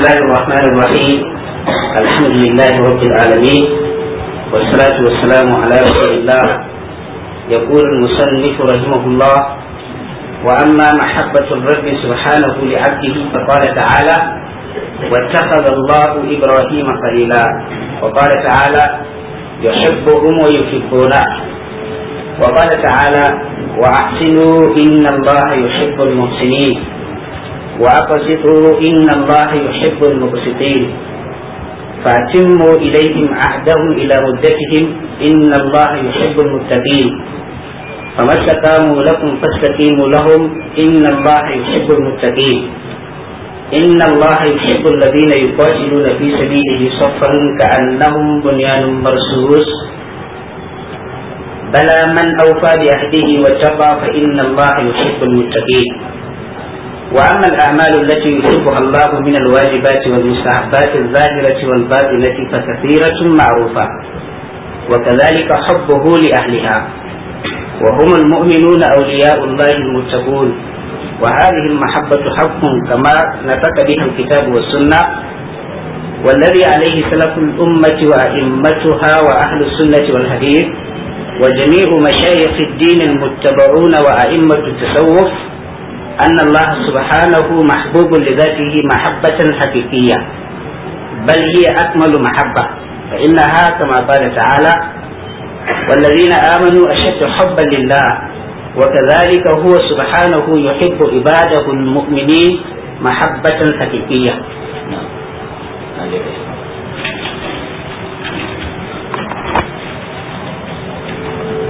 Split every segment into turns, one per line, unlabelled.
الله الرحمن الرحيم الحمد لله رب العالمين والصلاة والسلام على رسول الله يقول المصنف رحمه الله
وأما محبة الرب سبحانه لعبده فقال تعالى واتخذ الله إبراهيم خليلا وقال تعالى يحبهم ويحبونه وقال تعالى وأحسنوا إن الله يحب المحسنين وأقسطوا إن الله يحب المقسطين فأتموا إليهم عهدهم إلى مدتهم إن الله يحب المتقين فما استقاموا لكم فاستقيموا لهم إن الله يحب المتقين إن الله يحب الذين يقاتلون في سبيله صفا كأنهم بنيان مرصوص بلى من أوفى بعهده واتقى فإن الله يحب المتقين وأما الأعمال التي يحبها الله من الواجبات والمستحبات الظاهرة والباطنة فكثيرة معروفة وكذلك حبه لأهلها وهم المؤمنون أولياء الله المتقون وهذه المحبة حق كما نطق بها الكتاب والسنة والذي عليه سلف الأمة وأئمتها وأهل السنة والحديث وجميع مشايخ الدين المتبعون وأئمة التصوف أن الله سبحانه محبوب لذاته محبة حقيقية بل هي أكمل محبة فإنها كما قال تعالى والذين آمنوا أشد حبا لله وكذلك هو سبحانه يحب عباده المؤمنين محبة حقيقية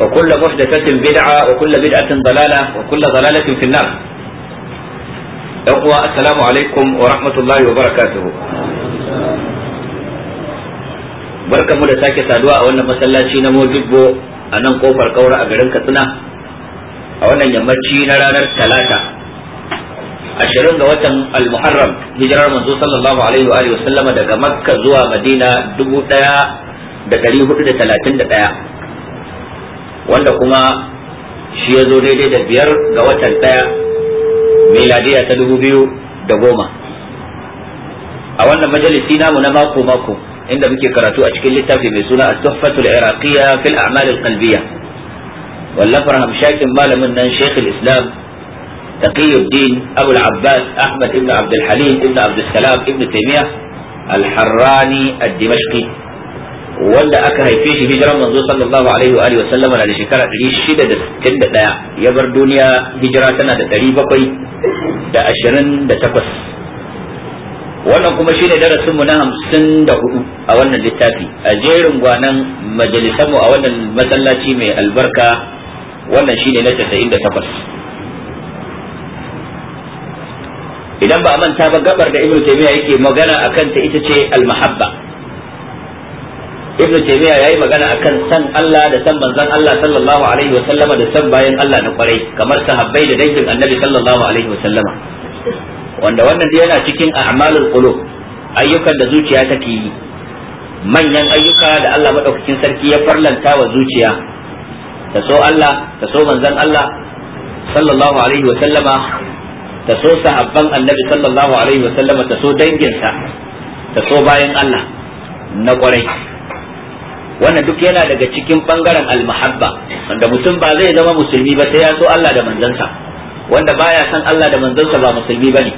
وكل محدثة بدعة وكل بدعة ضلالة وكل ضلالة في النار يقوى السلام عليكم ورحمة الله وبركاته barkan mu da sake saduwa a wannan masallaci na Mojibbo a nan kofar kaura a garin Katsina a wannan yammaci na ranar Talata ashirin ga watan Al-Muharram hijirar manzo sallallahu alaihi wa alihi wasallama daga Makka zuwa Madina dubu ɗaya da ɗari hudu da talatin da ɗaya wanda kuma shi ya zo daidai da biyar ga watan ɗaya miladiya ta dubu biyu da goma a wannan majalisi namu na mako mako inda muke karatu a cikin littafi mai suna as-tuhfatul iraqiyya fil a'mal al-qalbiyya wallafar hamshakin malamin nan Sheikh al-Islam Taqiyuddin Abu al-Abbas Ahmad ibn abd al Halim ibn abd al Salam ibn taymiyah al-harrani ad-dimashqi al-Harrani ad-Dimashqi wanda aka haife shi hijiran manzo sallallahu alaihi wa alihi wa sallama na da shekara 661 ya bar duniya hijira tana da 728 wannan kuma shine darasin mu na 54 a wannan littafi a jerin gwanan majalisan mu a wannan masallaci mai albarka wannan shine na 98 idan ba a manta ba gabar da ibnu taymiya yake magana akan ta ita ce al-mahabba ibnu taymiya yayi magana akan san Allah da san manzon Allah sallallahu alaihi wa sallama da san bayan Allah na kwarai kamar sahabbai da dangin annabi sallallahu alaihi wa sallama wanda wannan dai yana cikin a'malul qulub ayyukan da zuciya take yi manyan ayyuka da Allah madaukakin sarki ya farlanta wa zuciya ta so Allah ta so manzon Allah sallallahu alaihi wa sallama ta so sahabban annabi sallallahu alaihi wa sallama ta so danginsa ta so bayan Allah na kwarai wannan duk yana daga cikin bangaren almahabba wanda mutum ba zai zama musulmi ba sai ya so Allah da manzansa wanda baya san Allah da manzansa ba musulmi bane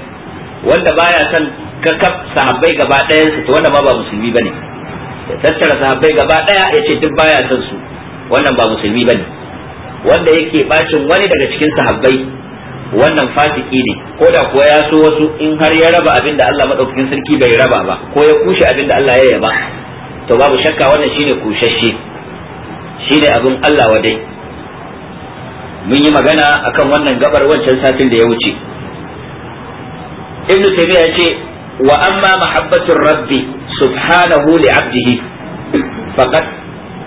wanda baya san kakab sahabbai gaba ɗayan su to wanda ma ba musulmi bane ya tattara sahabbai gaba ɗaya ya ce duk baya san su wannan ba musulmi bane wanda yake bacin wani daga cikin sahabbai wannan fasiki ne ko da kuwa ya so wasu in har ya raba abin da Allah madaukakin sarki bai raba ba ko ya kushe abin da Allah ya yaba to babu shakka wannan shine kushashe shine abin Allah wadai mun yi magana akan wannan gabar wancan satin da ya wuce ibnu taymiya ce wa amma mahabbatur rabbi subhanahu li 'abdihi faqad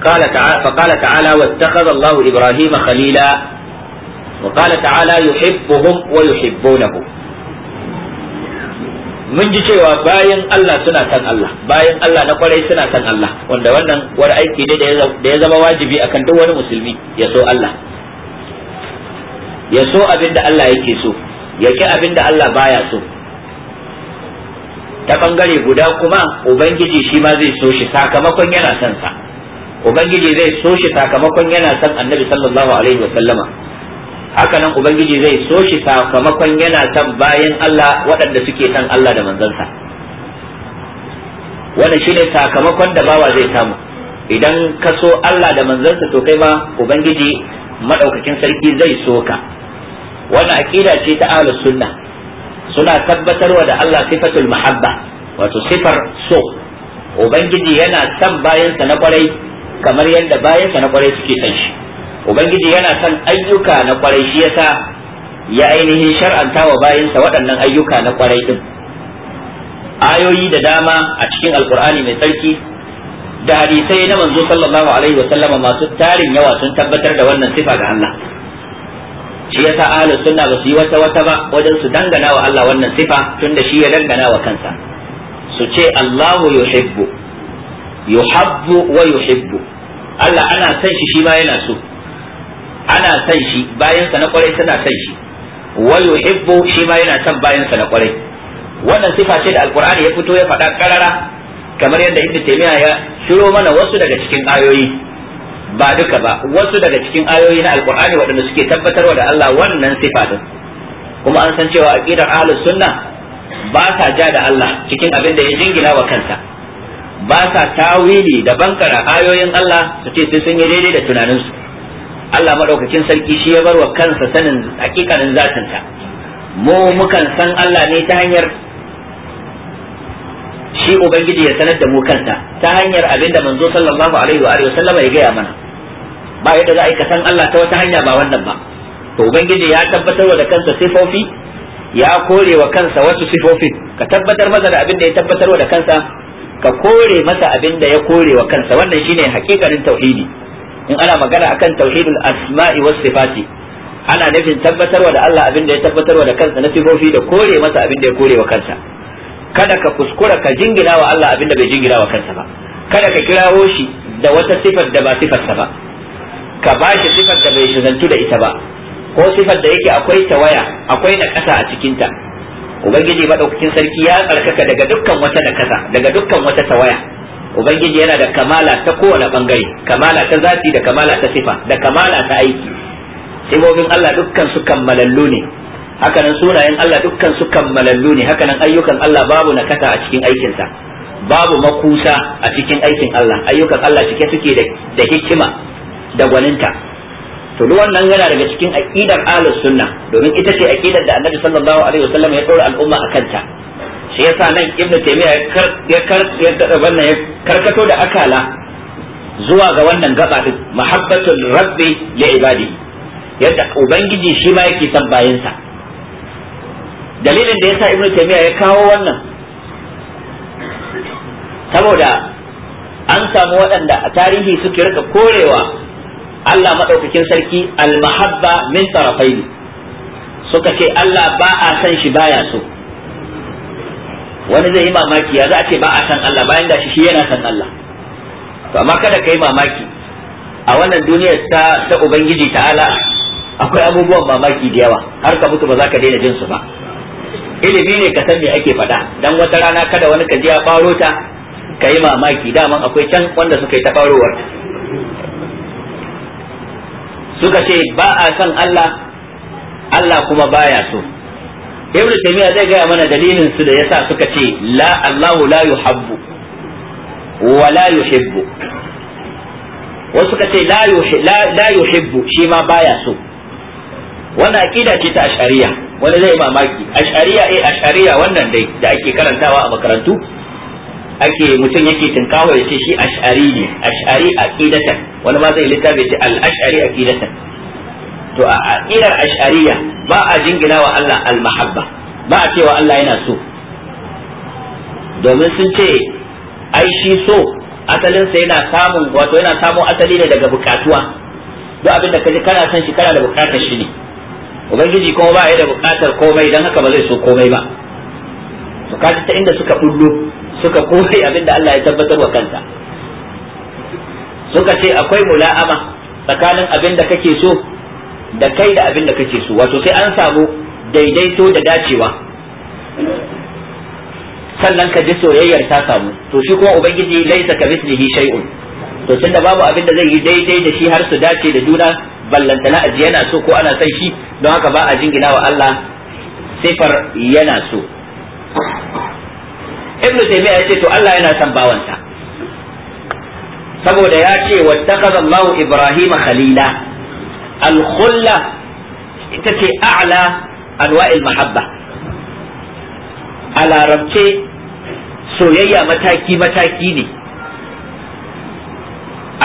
qala ta'ala faqala ta'ala wattakhadha Allahu Ibrahima khalila وقال تعالى يحبهم ويحبونه mun ji cewa bayan Allah suna san Allah bayan Allah na kwarai suna san Allah wanda wannan wani aiki ne da ya zama wajibi akan duk wani musulmi ya so Allah ya so abin da Allah yake so ya ki abin da Allah baya so ta bangare guda kuma ubangiji shi ma zai so shi sakamakon yana son sa ubangiji zai so shi sakamakon yana son annabi sallallahu alaihi wa sallama haka nan ubangiji zai so shi sakamakon yana son bayan Allah waɗanda suke san Allah da manzansa wannan shine sakamakon da bawa zai samu idan ka so Allah da manzansa to kai ma ubangiji madaukakin sarki zai so ka wannan aqida ce ta ahlus sunna suna tabbatarwa da Allah sifatul mahabba wato sifar so ubangiji yana son bayansa na kwarai kamar yadda bayansa na kwarai suke san shi ubangiji yana son ayyuka na kwarai shi yasa ya ainihin shar'anta wa bayinsa waɗannan ayyuka na kwarai din ayoyi da dama a cikin alkur'ani mai tsarki da hadisai na manzo sallallahu alaihi wa sallama masu tarin yawa sun tabbatar da wannan sifa ga Allah shi yasa ahlus sunna ba su yi wata wata ba wajen su dangana wa Allah wannan sifa tunda shi ya dangana wa kansa su ce Allahu yuhibbu yuhabbu wa yuhibbu Allah ana son shi shi ma yana so ana son shi bayansa na kwarai suna san shi Wayo yuhibbu shi ma yana san bayansa na kwarai wannan sifa ce da alqur'ani ya fito ya faɗa karara kamar yadda ibnu taymiya ya shiro mana wasu daga cikin ayoyi ba duka ba wasu daga cikin ayoyi na alqur'ani waɗanda suke tabbatarwa da Allah wannan sifa din kuma an san cewa aqidar ahlus sunna ba sa ja da Allah cikin abin da ya jingina wa kansa ba sa tawili da bankara ayoyin Allah su ce sun yi daidai da tunaninsu Allah madaukakin sarki shi ya barwa kansa sanin hakikanin zatinsa mu mukan san Allah ne ta hanyar shi ubangiji ya sanar da mu kansa ta hanyar abinda manzo sallallahu alaihi wa alihi sallama ya gaya mana ba yadda za a yi ka san Allah ta wata hanya ba wannan ba to ubangiji ya tabbatar da kansa sifofi ya kore wa kansa wasu sifofi ka tabbatar masa da abin da ya tabbatar da kansa ka kore masa abin da ya kore wa kansa wannan shine hakikanin tauhidi in ana magana akan tauhidul asma'i was sifati ana nufin tabbatarwa da Allah abin da ya tabbatarwa da kansa na sifofi da kore masa abin da ya kore kansa kada ka kuskura ka jingina wa Allah abin da bai jingina wa kansa ba kada ka kirawo shi da wata sifar da ba sifarsa ba ka ba shi sifar da bai shazantu da ita ba ko sifar da yake akwai ta waya akwai na nakasa a cikinta ubangiji madaukakin sarki ya tsarkaka daga dukkan wata na nakasa daga dukkan wata ta waya. ubangiji yana da kamala ta kowane bangare kamala ta zati da kamala ta sifa da kamala ta aiki sifofin Allah dukkan su kammalallu ne hakanan sunayen Allah dukkan su kammalallu ne hakanan ayyukan Allah babu nakata a cikin aikinsa babu makusa a cikin aikin Allah ayyukan Allah cike suke da hikima da gwaninta to duk wannan yana daga cikin aqidar ahlus sunna domin ita ce aqidar da Annabi sallallahu alaihi wasallam ya dora al'umma akanta shi yasa nan ibnu taymiya ya kar ya wannan ya karkato da akala zuwa ga wannan gaba din mahabbatul rabbi li ibadi yadda ubangiji shi ma yake son sa dalilin da yasa ibnu taymiya ya kawo wannan saboda an samu waɗanda a tarihi suke rika korewa Allah maɗaukakin sarki Al almahabba min tarafaini suka ce Allah ba a san shi baya so wani zai yi mamaki ya za a ce ba a san Allah bayan gashi shi yana san Allah to amma kada ka yi mamaki a wannan duniya ta ta ubangiji ta'ala akwai abubuwan mamaki da yawa har ka mutu ba za ka daina jin su ba ilimi ne ka san me ake faɗa dan wata rana kada wani ka ji ya faro ta ka yi mamaki daman akwai can wanda suka yi ta farowar suka ce ba a san Allah Allah kuma baya so ibnu taymiya zai gaya mana dalilin su da yasa suka ce la Allahu la yuhabbu wa la yuhibbu wasu suka ce la yuhibbu shi ma baya so wannan aqida ce ta ash'ariya wani zai mamaki ash'ariya eh ash'ariya wannan dai da ake karantawa a makarantu ake mutum yake tinkawa ya ce shi ash'ari ne ash'ari aqidatan wani ma zai littafi ce al ash'ari aqidatan to a aqidar ash'ariya ba a jingina wa Allah almahabba mahabba ba a cewa Allah yana so domin sun ce ai shi so asalinsa yana samun wato yana samun asali ne daga bukatuwa duk abin da kaji kana son shi kana da bukatar shi ne ubangiji kuma ba ya da bukatar komai dan haka ba zai so komai ba to kaji ta inda suka bullo suka komai abin da Allah ya tabbatar wa kanta suka ce akwai mula'ama tsakanin abin da kake so da kai da abin da kake so wato sai an samu daidaito da dacewa sannan ka ji soyayyar ta samu to shi kuma ubangiji laisa ka mislihi shay'un to tunda babu abin da zai yi daidai da shi har su dace da juna ballantana aji yana so ko ana son shi don haka ba a jingina wa Allah sifar yana so ibnu taymiya yace to Allah yana son bawansa saboda ya ce wattakaza Allah Ibrahim khalila al-khulla ita ce a'la anwa'il mahabba a soyayya mataki mataki ne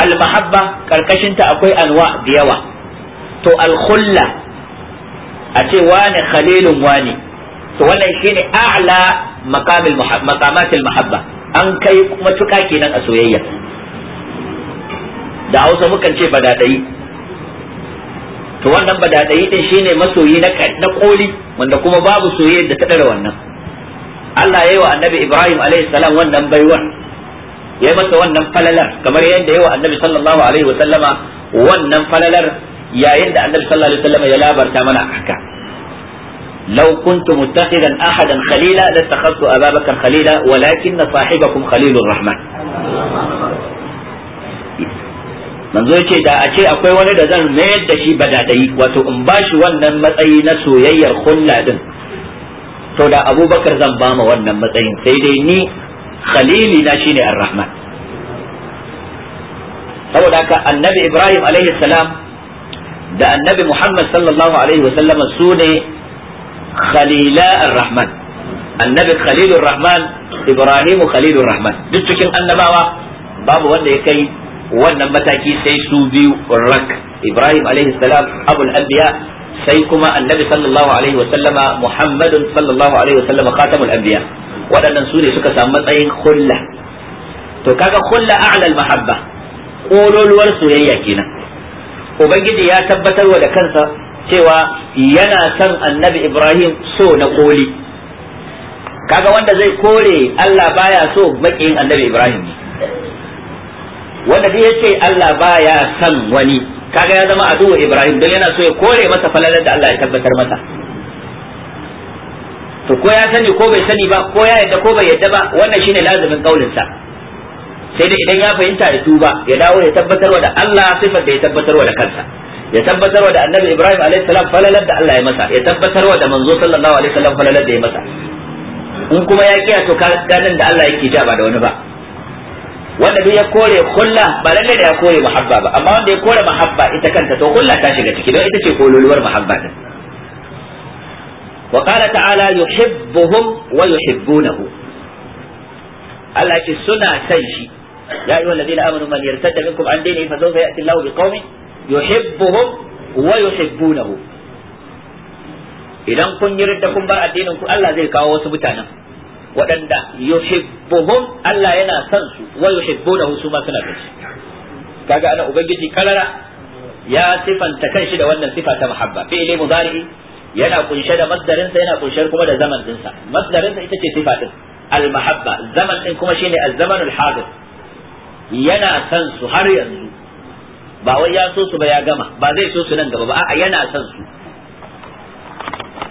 al-mahabba karkashinta akwai anwa biyawa to al-khulla a ce wane khalilun wane to wannan shine a'la maqamil maqamatil mahabba an kai matuka kenan a soyayya da Hausa mukan ce badadai to wannan badadayi din shine masoyi na na koli wanda kuma babu soyayya da ta dare wannan Allah ya yi wa Annabi Ibrahim alaihi salam wannan baiwar ya yi masa wannan falalar kamar yadda yi wa Annabi sallallahu alaihi wasallama wannan falalar yayin da Annabi sallallahu alaihi wasallama ya labarta mana haka لو كنت متخذا احدا خليلا لاتخذت ابا بكر خليلا ولكن صاحبكم خليل الرحمن manzo yace da a ce akwai wani da zan mayar da shi badadai wato in bashi wannan matsayi na soyayyar hulla din to da abubakar zan ba ma wannan matsayin sai dai ni khalili na shine ar-rahman saboda haka annabi ibrahim alaihi salam da annabi muhammad sallallahu alaihi wa sallama su ne khalila ar-rahman annabi khalilur rahman ibrahim khalilur rahman duk cikin annabawa babu wanda ya kai wannan mataki sai su biyu rak ibrahim alaihi salam abul anbiya sai kuma annabi sallallahu alaihi wa sallama muhammadun sallallahu alaihi wa sallama khatamul anbiya waɗannan su ne suka samu matsayin hulla to kaga hulla a'la al mahabba kololuwar soyayya kenan ubangiji ya tabbatar wa da kansa cewa yana son annabi ibrahim so na koli kaga wanda zai kore Allah baya so maƙiyin annabi ibrahim ne wanda dai yace Allah baya san wani kaga ya zama aduwa Ibrahim don yana so ya kore masa falalar da Allah ya tabbatar masa to ko ya sani ko bai sani ba ko ya yadda ko bai yadda ba wannan shine lazumin kaulin sa sai dai idan ya fahimta da tuba ya dawo ya tabbatar wa da Allah sifar da ya tabbatar wa da kansa ya tabbatar wa da annabi Ibrahim alaihi salam falalar da Allah ya masa ya tabbatar wa da manzo sallallahu alaihi wasallam falalar da ya masa in kuma ya kiyaye to ganin da Allah yake ja ba da wani ba wanda duk ya kore hulla ba lalle da ya kore muhabba ba amma wanda ya kore muhabba ita kanta to hulla ta shiga ciki don ita ce kololuwar muhabba Wakala wa qala ta'ala yuhibbuhum wa yuhibbunahu Allah ce suna san shi ya ayyuhal ladina amanu man yartadda minkum an dinihi fa sawfa ya'ti Allahu biqaumin yuhibbuhum wa yuhibbunahu idan kun yi ridda kun bar addinin ku Allah zai kawo wasu mutanen waɗanda yuhibbuhum Allah yana son su wa yuhibbunahu su ma suna son shi kaga ana ubangiji kalara ya sifanta kanshi da wannan sifa ta muhabba fi'li mudari yana kunshe da masdarin sa yana kunshe kuma da zaman dinsa masdarin sa ita ce sifa din al muhabba zaman din kuma shine al zamanul hadir yana son su har yanzu ba wai ya so su ba ya gama ba zai so su nan gaba ba a'a yana son su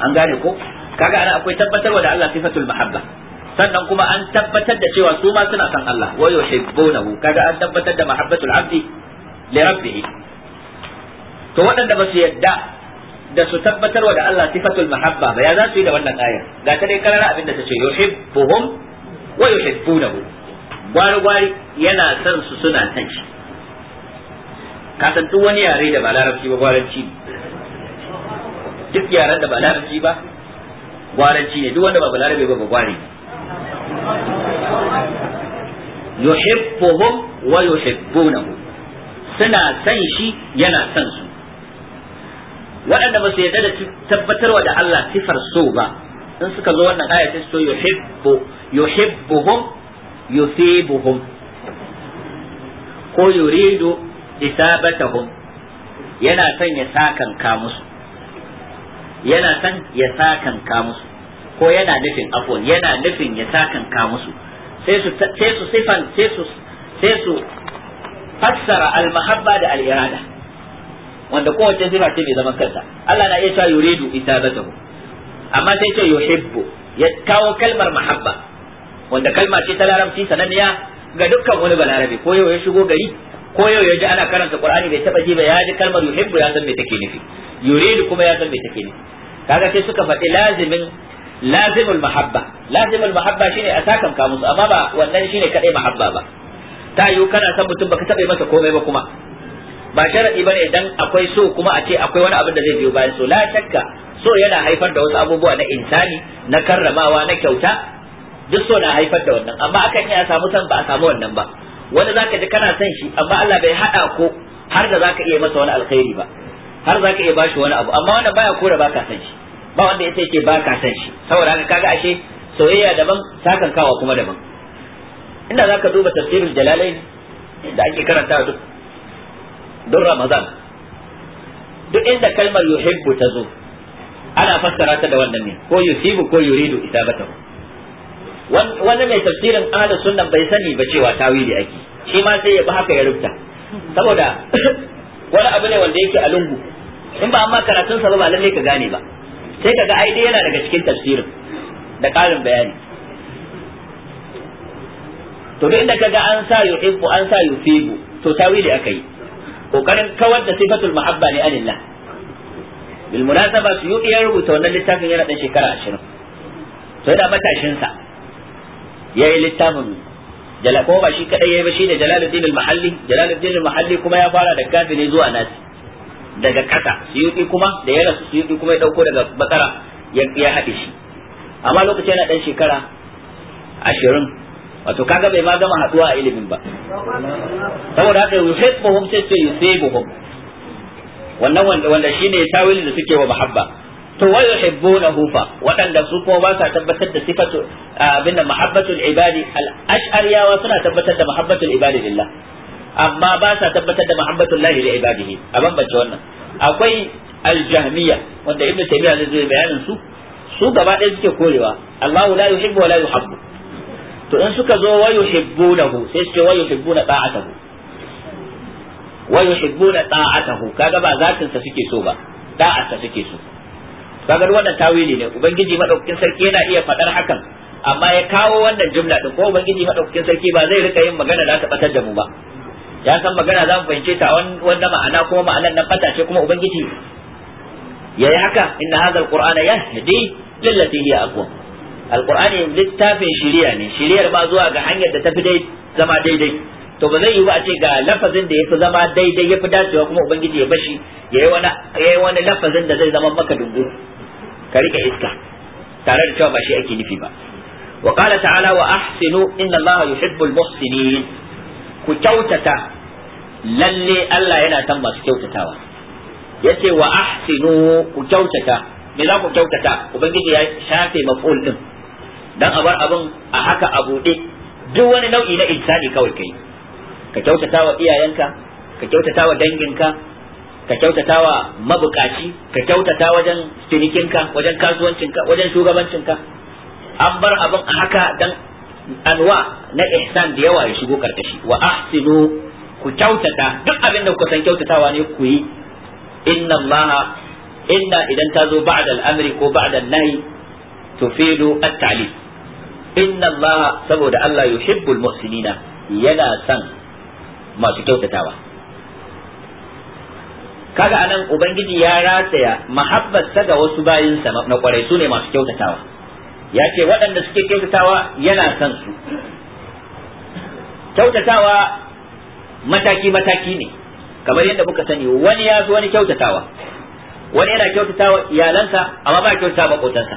an gane ko kaga ana akwai tabbatarwa da Allah sifatul muhabba. sannan kuma an tabbatar da cewa su ma suna san Allah wa yuhibbunahu kaga an tabbatar da mahabbatul abdi li rabbih to waɗanda ba su yadda da su tabbatarwa da Allah sifatul mahabba ba ya za su yi da wannan aya ga ta dai karara abin da ta yuhibbuhum wa yuhibbunahu gwari gwari yana san su suna san shi ka san duk wani yare da ba larabci ba gwaranci duk yaren da ba larabci ba gwaranci ne duk wanda ba larabci ba ba gwari ne yuhibbuhum wa yuhibbunahu suna san shi yana san su waɗanda ba su yarda da tabbatarwa da Allah sifar so ba in suka zo wannan aya ta so yuhibbu yuhibbuhum yusibuhum ko yuridu isabatahum yana san ya sakan ka musu yana son ya sakan ka musu ko yana nufin afwan yana nufin ya sakanka musu sai su sai su sifan sai su sai su fassara al-mahabba da al-irada wanda kowace sifa ce mai zaman kanta Allah na iya cewa yuridu isabatahu amma sai ce yuhibbu ya kawo kalmar mahabba wanda kalma ce ta larabci sananniya ga dukkan wani balarabe ko yau ya shigo gari ko yau ya ji ana karanta qur'ani bai taba ji ba ya ji kalmar yuhibbu ya san me take nufi yuridu kuma ya san me take nufi kaga sai suka faɗi lazimin lazimul mahabba lazimul mahabba shine a sakanka musu amma ba wannan shine kadai mahabba ba ta yiwu kana san mutum baka taɓa masa komai ba kuma ba sharadi bane dan akwai so kuma a ce akwai wani abu da zai biyo bayan so la shakka so yana haifar da wasu abubuwa na insani na karramawa na kyauta duk so na haifar da wannan amma akan iya samu san ba a samu wannan ba Wani zaka ji kana san shi amma Allah bai hada ko har da zaka iya masa wani alkhairi ba har zaka iya bashi wani abu amma wannan baya kore baka san shi ba wanda ya ce ba ka san shi saboda haka kaga ashe soyayya daban kawa kuma daban inda zaka duba tafsirul jalalain da ake karanta duk don ramadan duk inda kalmar yuhibbu ta zo ana fassara ta da wannan ne ko yusibu ko yuridu isabatahu wani mai tafsirin ahlus sunnah bai sani ba cewa tawili ake shi ma sai ya bi haka ya rubuta saboda wani abu ne wanda yake a lungu in ba amma karatun sa ba lalle ka gane ba sai kaga ai dai yana daga cikin tafsirin da ƙarin bayani to duk inda kaga an sa yuhibbu an sa yufibu to tawili akai kokarin kawar da sifatul mahabba ne anillah bil munasaba su yi ya rubuta wannan littafin yana dan shekara 20 to yana matashin sa yayi littafin jala ko ba shi kadai yayi ba shi da Jalaluddin al-Mahalli Jalaluddin al-Mahalli kuma ya fara da kafiri zuwa nasi daga kasa suyuti kuma da yana su suyuti kuma ya dauko daga bakara ya haɗe shi amma lokaci yana dan shekara ashirin wato kaga bai ma gama haɗuwa a ilimin ba saboda haka yuhibbuhum sai sai yusibuhum wannan wanda wanda shine tawilin da suke wa mahabba to wa yuhibbunahu fa wadanda su kuma ba sa tabbatar da sifatu abinda mahabbatul ibadi al ash'ariyawa suna tabbatar da mahabbatul ibadi lillah amma ba sa tabbatar da muhammatullahi li ibadihi a bambance wannan akwai aljahmiya wanda ibnu taymiya zai zo bayanin su su gaba ɗaya suke korewa Allahu la yuhibbu wa la yuhabbu to in suka zo wa yuhibbunahu sai suke wa yuhibbuna ta'atahu wa yuhibbuna ta'atahu kaga ba zatin sa suke so ba da'at sa suke so kaga wannan tawili ne ubangiji madaukakin sarki yana iya faɗar hakan amma ya kawo wannan jumla din ko ubangiji madaukakin sarki ba zai rika yin magana da ta batar da mu ba ya san magana za mu fahimce ta wanda ma'ana kuma ma'anan nan fata ce kuma ubangiji yayi haka inna hadha alqur'ana yahdi lillati hiya aqwam alqur'ani littafin shirya ne Shiryar ba zuwa ga hanyar da tafi dai zama daidai to ba zai yi ba a ce ga lafazin da yafi zama daidai yafi dacewa kuma ubangiji ya bashi yayi wani yayi wani lafazin da zai zama maka dungu ka rike iska tare da cewa ba shi ake nufi ba ta'ala wa ahsinu inna allaha yuhibbul muhsinin ku kyautata lalle Allah yana san masu kyautatawa yace wa ahsinu ku kyautata me za ku kyautata ubangiji ya shafe maf'ul din dan a bar abin a haka a bude duk wani nau'i na insani kawai kai ka kyautata iyayenka ka kyautata danginka ka kyautata mabukaci ka kyautata wajen cinikinka wajen kasuwancinka wajen shugabancinka an bar abin a haka dan anwa na ihsan da yawa ya shigo karkashi wa ahsinu ku kyautata duk abin da ku san kyautatawa ne ku yi inna allaha inna idan ta zo ba'da al'amri ko ba'da nahi tufidu at-ta'lim inna allaha saboda Allah yuhibbul muslimina yana san masu kyautatawa kaga anan ubangiji ya rataya mahabbarsa ga wasu bayinsa na kwarai sune masu kyautatawa ya ce waɗanda suke kyautatawa yana son su kyautatawa mataki mataki ne kamar yadda muka sani wani ya wani kyautatawa wani yana kyautatawa iyalansa amma ba kyautata makotansa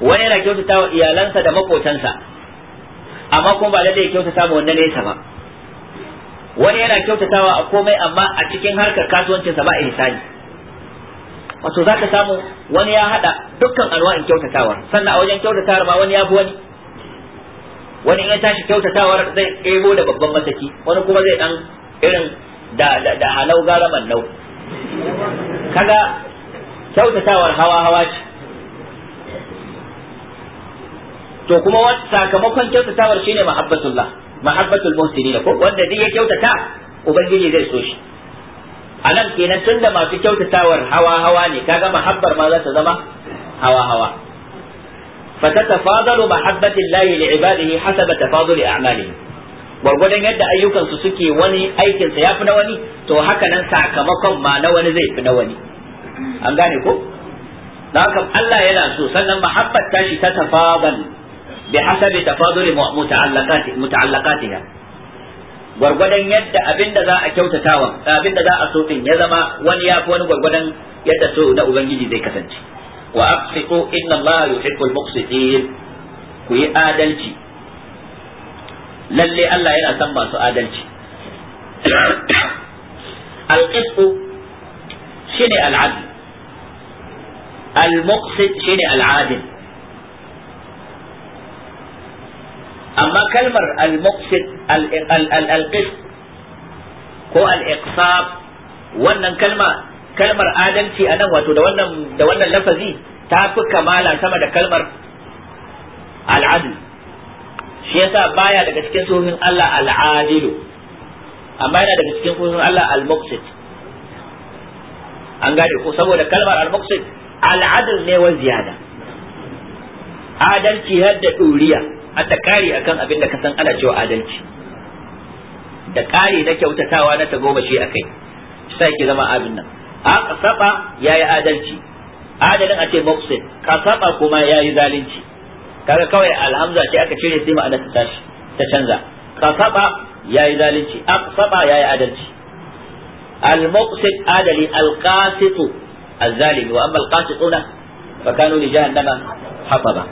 wani yana kyautatawa iyalansa da makotansa amma kuma ba lalle ya kyautata ma wanda nesa ba wani yana kyautatawa a komai amma a cikin harkar kasuwancinsa ba ihsani wato za ka samu wani ya hada dukkan anwa'in kyautatawa sannan a wajen kyautatawar ma wani ya bi wani wani in ya tashi kyautatawar zai ebo da babban mataki wani kuma zai dan irin da da, halau gara mallau kaga kyautatawar hawa hawa ce to kuma sakamakon kyautatawar shine mahabbatullah mahabbatul muhsinin ko wanda duk ya kyautata ubangiji zai so shi a nan kenan tunda masu kyautatawar hawa hawa ne ga mahabbar ma za ta zama hawa hawa فتتفاضل محبة الله لعباده حسب تفاضل أعمالهم gwargwadon yadda ayyukansu suke wani aikinsa ya fi na wani to haka sakamakon ma na wani zai fi na wani an gane ko da haka Allah yana so sannan mahabbat tashi ta tafadal bi hasabi tafadul muta'allaqati muta'allaqatiha gwargwadon yadda abin da za a kyautatawa abin da za a so ya zama wani ya fi wani gwargwadon yadda so na ubangiji zai kasance wa aqsitu inna allaha yuhibbul muqsitin ku yi adalci lalle Allah yana son masu adalci al-qisqu shine al-adl al-muqsit shine al-adil amma kalmar al-muqsid al-qist ko al-iqsab wannan kalmar adalci a nan wato da wannan lafazi ta fi kamala sama da kalmar al-adl shi yasa baya daga cikin Allah al amma yana daga cikin Allah al-muqsid an gane ko saboda kalmar al-muqsid al-adl ne wa ziyada adalci har da duriya a ta kari akan abin da ka san ana cewa adalci da kare na kyautatawa na tagomashi a kai sai ki zama abin nan a saba yayi adalci adalin a ce mufsid kasaba kuma kuma yayi zalunci kaga kawai alhamza ce aka cire sai ma'anar ta tashi ta canza kasaba ya yayi zalunci a saba yayi adalci al-mufsid adali al-qasitu qasituna fa kanu li jahannama حطبا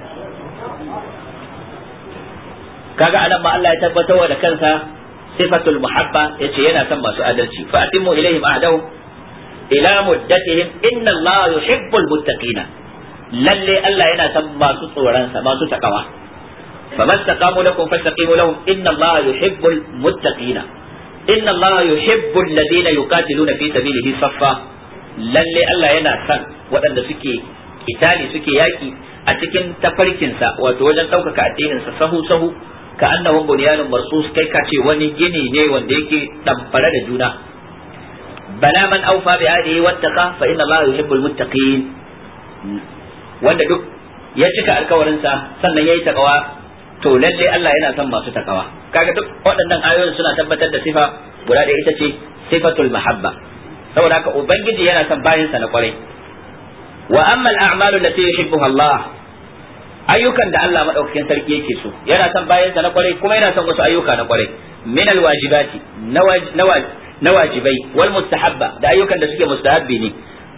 kaga anan ma Allah ya tabbatar da kansa sifatul muhabba yace yana son masu adalci fa atimmu ilaihim ahdahu ila muddatihim inna Allah yuhibbul muttaqina lalle Allah yana son masu tsoron sa masu takawa famastaqamu lakum fastaqimu lahum inna Allah yuhibbul muttaqina inna Allah yuhibbul ladina yuqatiluna fi sabilihi saffa lalle Allah yana son waɗanda suke itali suke yaki a cikin tafarkinsa wato wajen ɗaukaka addininsa sahu sahu ka annahu bunyanun marsus kai ka ce wani gini ne wanda yake damfare da juna bala man aufa bi ahdihi wattaqa fa inna allaha yuhibbul muttaqin wanda duk ya cika alkawarinsa sannan yayi takawa to lalle Allah yana son masu takawa kaga duk waɗannan ayoyin suna tabbatar da sifa guda ɗaya ita ce sifatul mahabba saboda haka ubangiji yana son bayinsa na kwarai wa amma al-a'malu allati yuhibbuha Allah ayyukan da Allah madaukakin sarki yake so yana son bayan sa na kwarai kuma yana son wasu ayyuka na kwarai min alwajibati na wajibai wal mustahabba da ayyukan da suke mustahabbi ne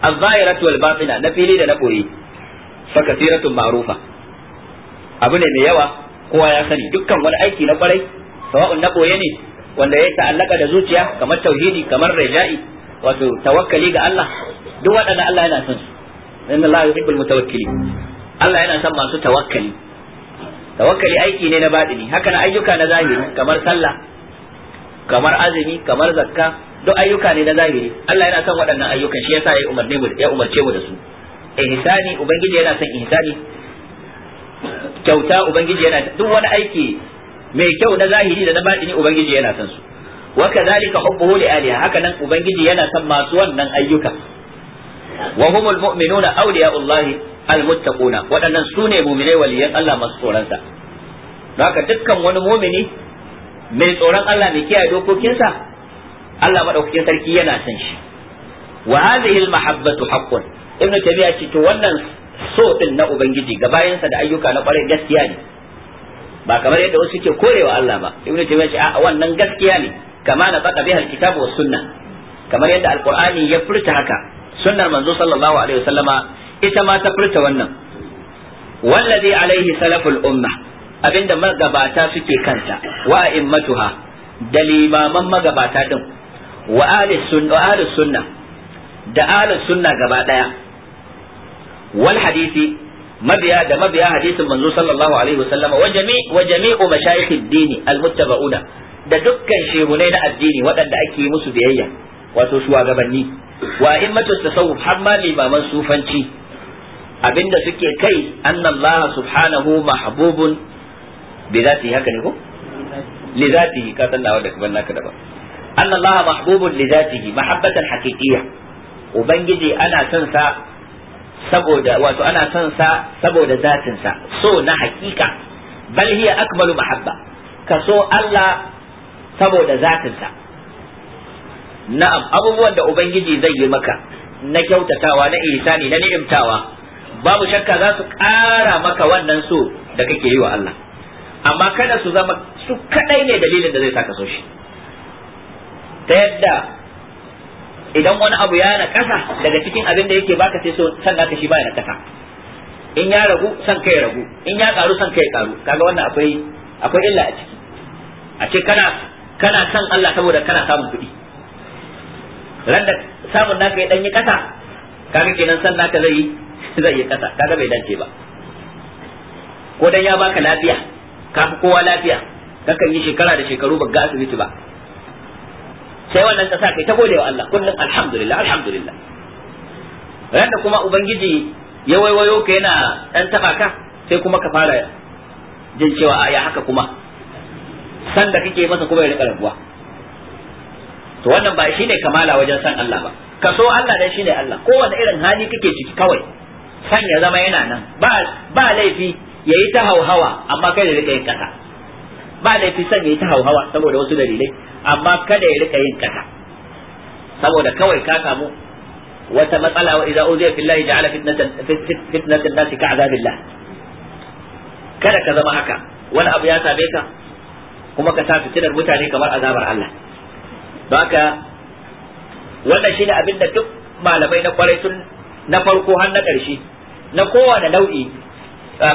az-zahiratu wal batina na fili da na koyi fa kathiratun ma'rufa abu ne mai yawa kowa ya sani dukkan wani aiki na kwarai sawa'un na koye ne wanda ya ta'allaka da zuciya kamar tauhidi kamar raja'i wato tawakkali ga Allah duk waɗanda Allah yana son su inna Allah yuhibbul mutawakkilin Allah yana son masu tawakkali tawakkali aiki ne na batini haka na ayyuka na zahiri kamar sallah kamar azumi kamar zakka duk ayyuka ne na zahiri Allah yana son waɗannan ayyukan shi yasa ya umarni mu ya umarce mu da su ihsani ubangiji yana son ihsani kyauta ubangiji yana duk wani aiki mai kyau na zahiri da na batini ubangiji yana son su wa kadhalika hubbuhu li aliha haka nan ubangiji yana son masu wannan ayyuka wa humul mu'minuna awliya'ullahi almuttaquna waɗannan sune mu'minai waliyan Allah masu tsoron sa don haka dukkan wani mu'mini mai tsoron Allah mai kiyaye dokokinsa Allah madaukakin sarki yana san shi wa hadhihi almahabbatu haqqun ibnu tabi'a ce to wannan so din na ubangiji ga bayansa da ayyuka na kwarai gaskiya ne ba kamar yadda wasu ke korewa Allah ba ibnu tabi'a ce a wannan gaskiya ne kama na faɗa bihal kitabu was sunna kamar yadda alqur'ani ya furta haka sunnar manzo sallallahu alaihi wasallama ita ma ta furta wannan wallazi alaihi salaful umma abinda magabata suke kanta wa immatuha da limaman magabata din wa ahli sunna da ahli sunna gaba daya wal hadisi mabiya da mabiya hadisin manzo sallallahu alaihi wasallama wa jami' wa jami'u mashayikhid dini almuttaba'una da dukkan shehunai na addini waɗanda ake musu biyayya wato shugabanni wa immatu tasawuf har ma limaman sufanci abinda suke kai annallaha subhanahu mahbubun bi zati haka ne ko li zatihi ka san nawa da kaban naka daban annallaha mahbubun li zatihi mahabbatan haqiqiyya ubangiji ana son sa saboda wato ana son sa saboda zatin sa so na hakika bal hiya akmalu mahabba ka so Allah saboda zatin sa na'am abubuwan da ubangiji zai yi maka na kyautatawa na ihsani na ni'imtawa babu shakka za su ƙara maka wannan so da kake yi wa Allah amma kada su zama su kadai ne dalilin da zai saka so shi ta yadda idan wani abu ya na ƙasa daga cikin abin da yake baka sai so san da shi baya na kasa in ya ragu san kai ragu in ya karu san kai karu kaga wannan akwai akwai illa a ciki a ce kana kana san Allah saboda kana samun kuɗi ran da samun naka ya danyi kasa kaga kenan san naka zai zai yi kasa kaga bai dace ba ko dan ya baka lafiya ka fi kowa lafiya kakan yi shekara da shekaru ba ga asibiti ba sai wannan kasa sa kai ta gode wa Allah kullum alhamdulillah alhamdulillah ran da kuma ubangiji ya waiwayo ka yana dan taba ka sai kuma ka fara jin cewa a ya haka kuma san da kake masa kuma ya rika rabuwa to wannan ba shine kamala wajen san Allah ba ka so Allah dan shine Allah kowane irin hali kake ciki kawai san ya zama yana nan ba ba laifi yayi ta hauhawa amma kai da rika yin kasa ba laifi san yayi ta hauhawa saboda wasu dalilai amma kada ya rika yin kasa saboda kawai ka samu wata matsala wa idza uziya fillahi ja'ala fitnatan fitnatan nasi ka'adabillah kada ka zama haka wani abu ya same ka kuma ka sa fitinar mutane kamar azabar Allah haka wannan shine abin da duk malamai na kwarai sun na farko har na ƙarshe na kowane nau'i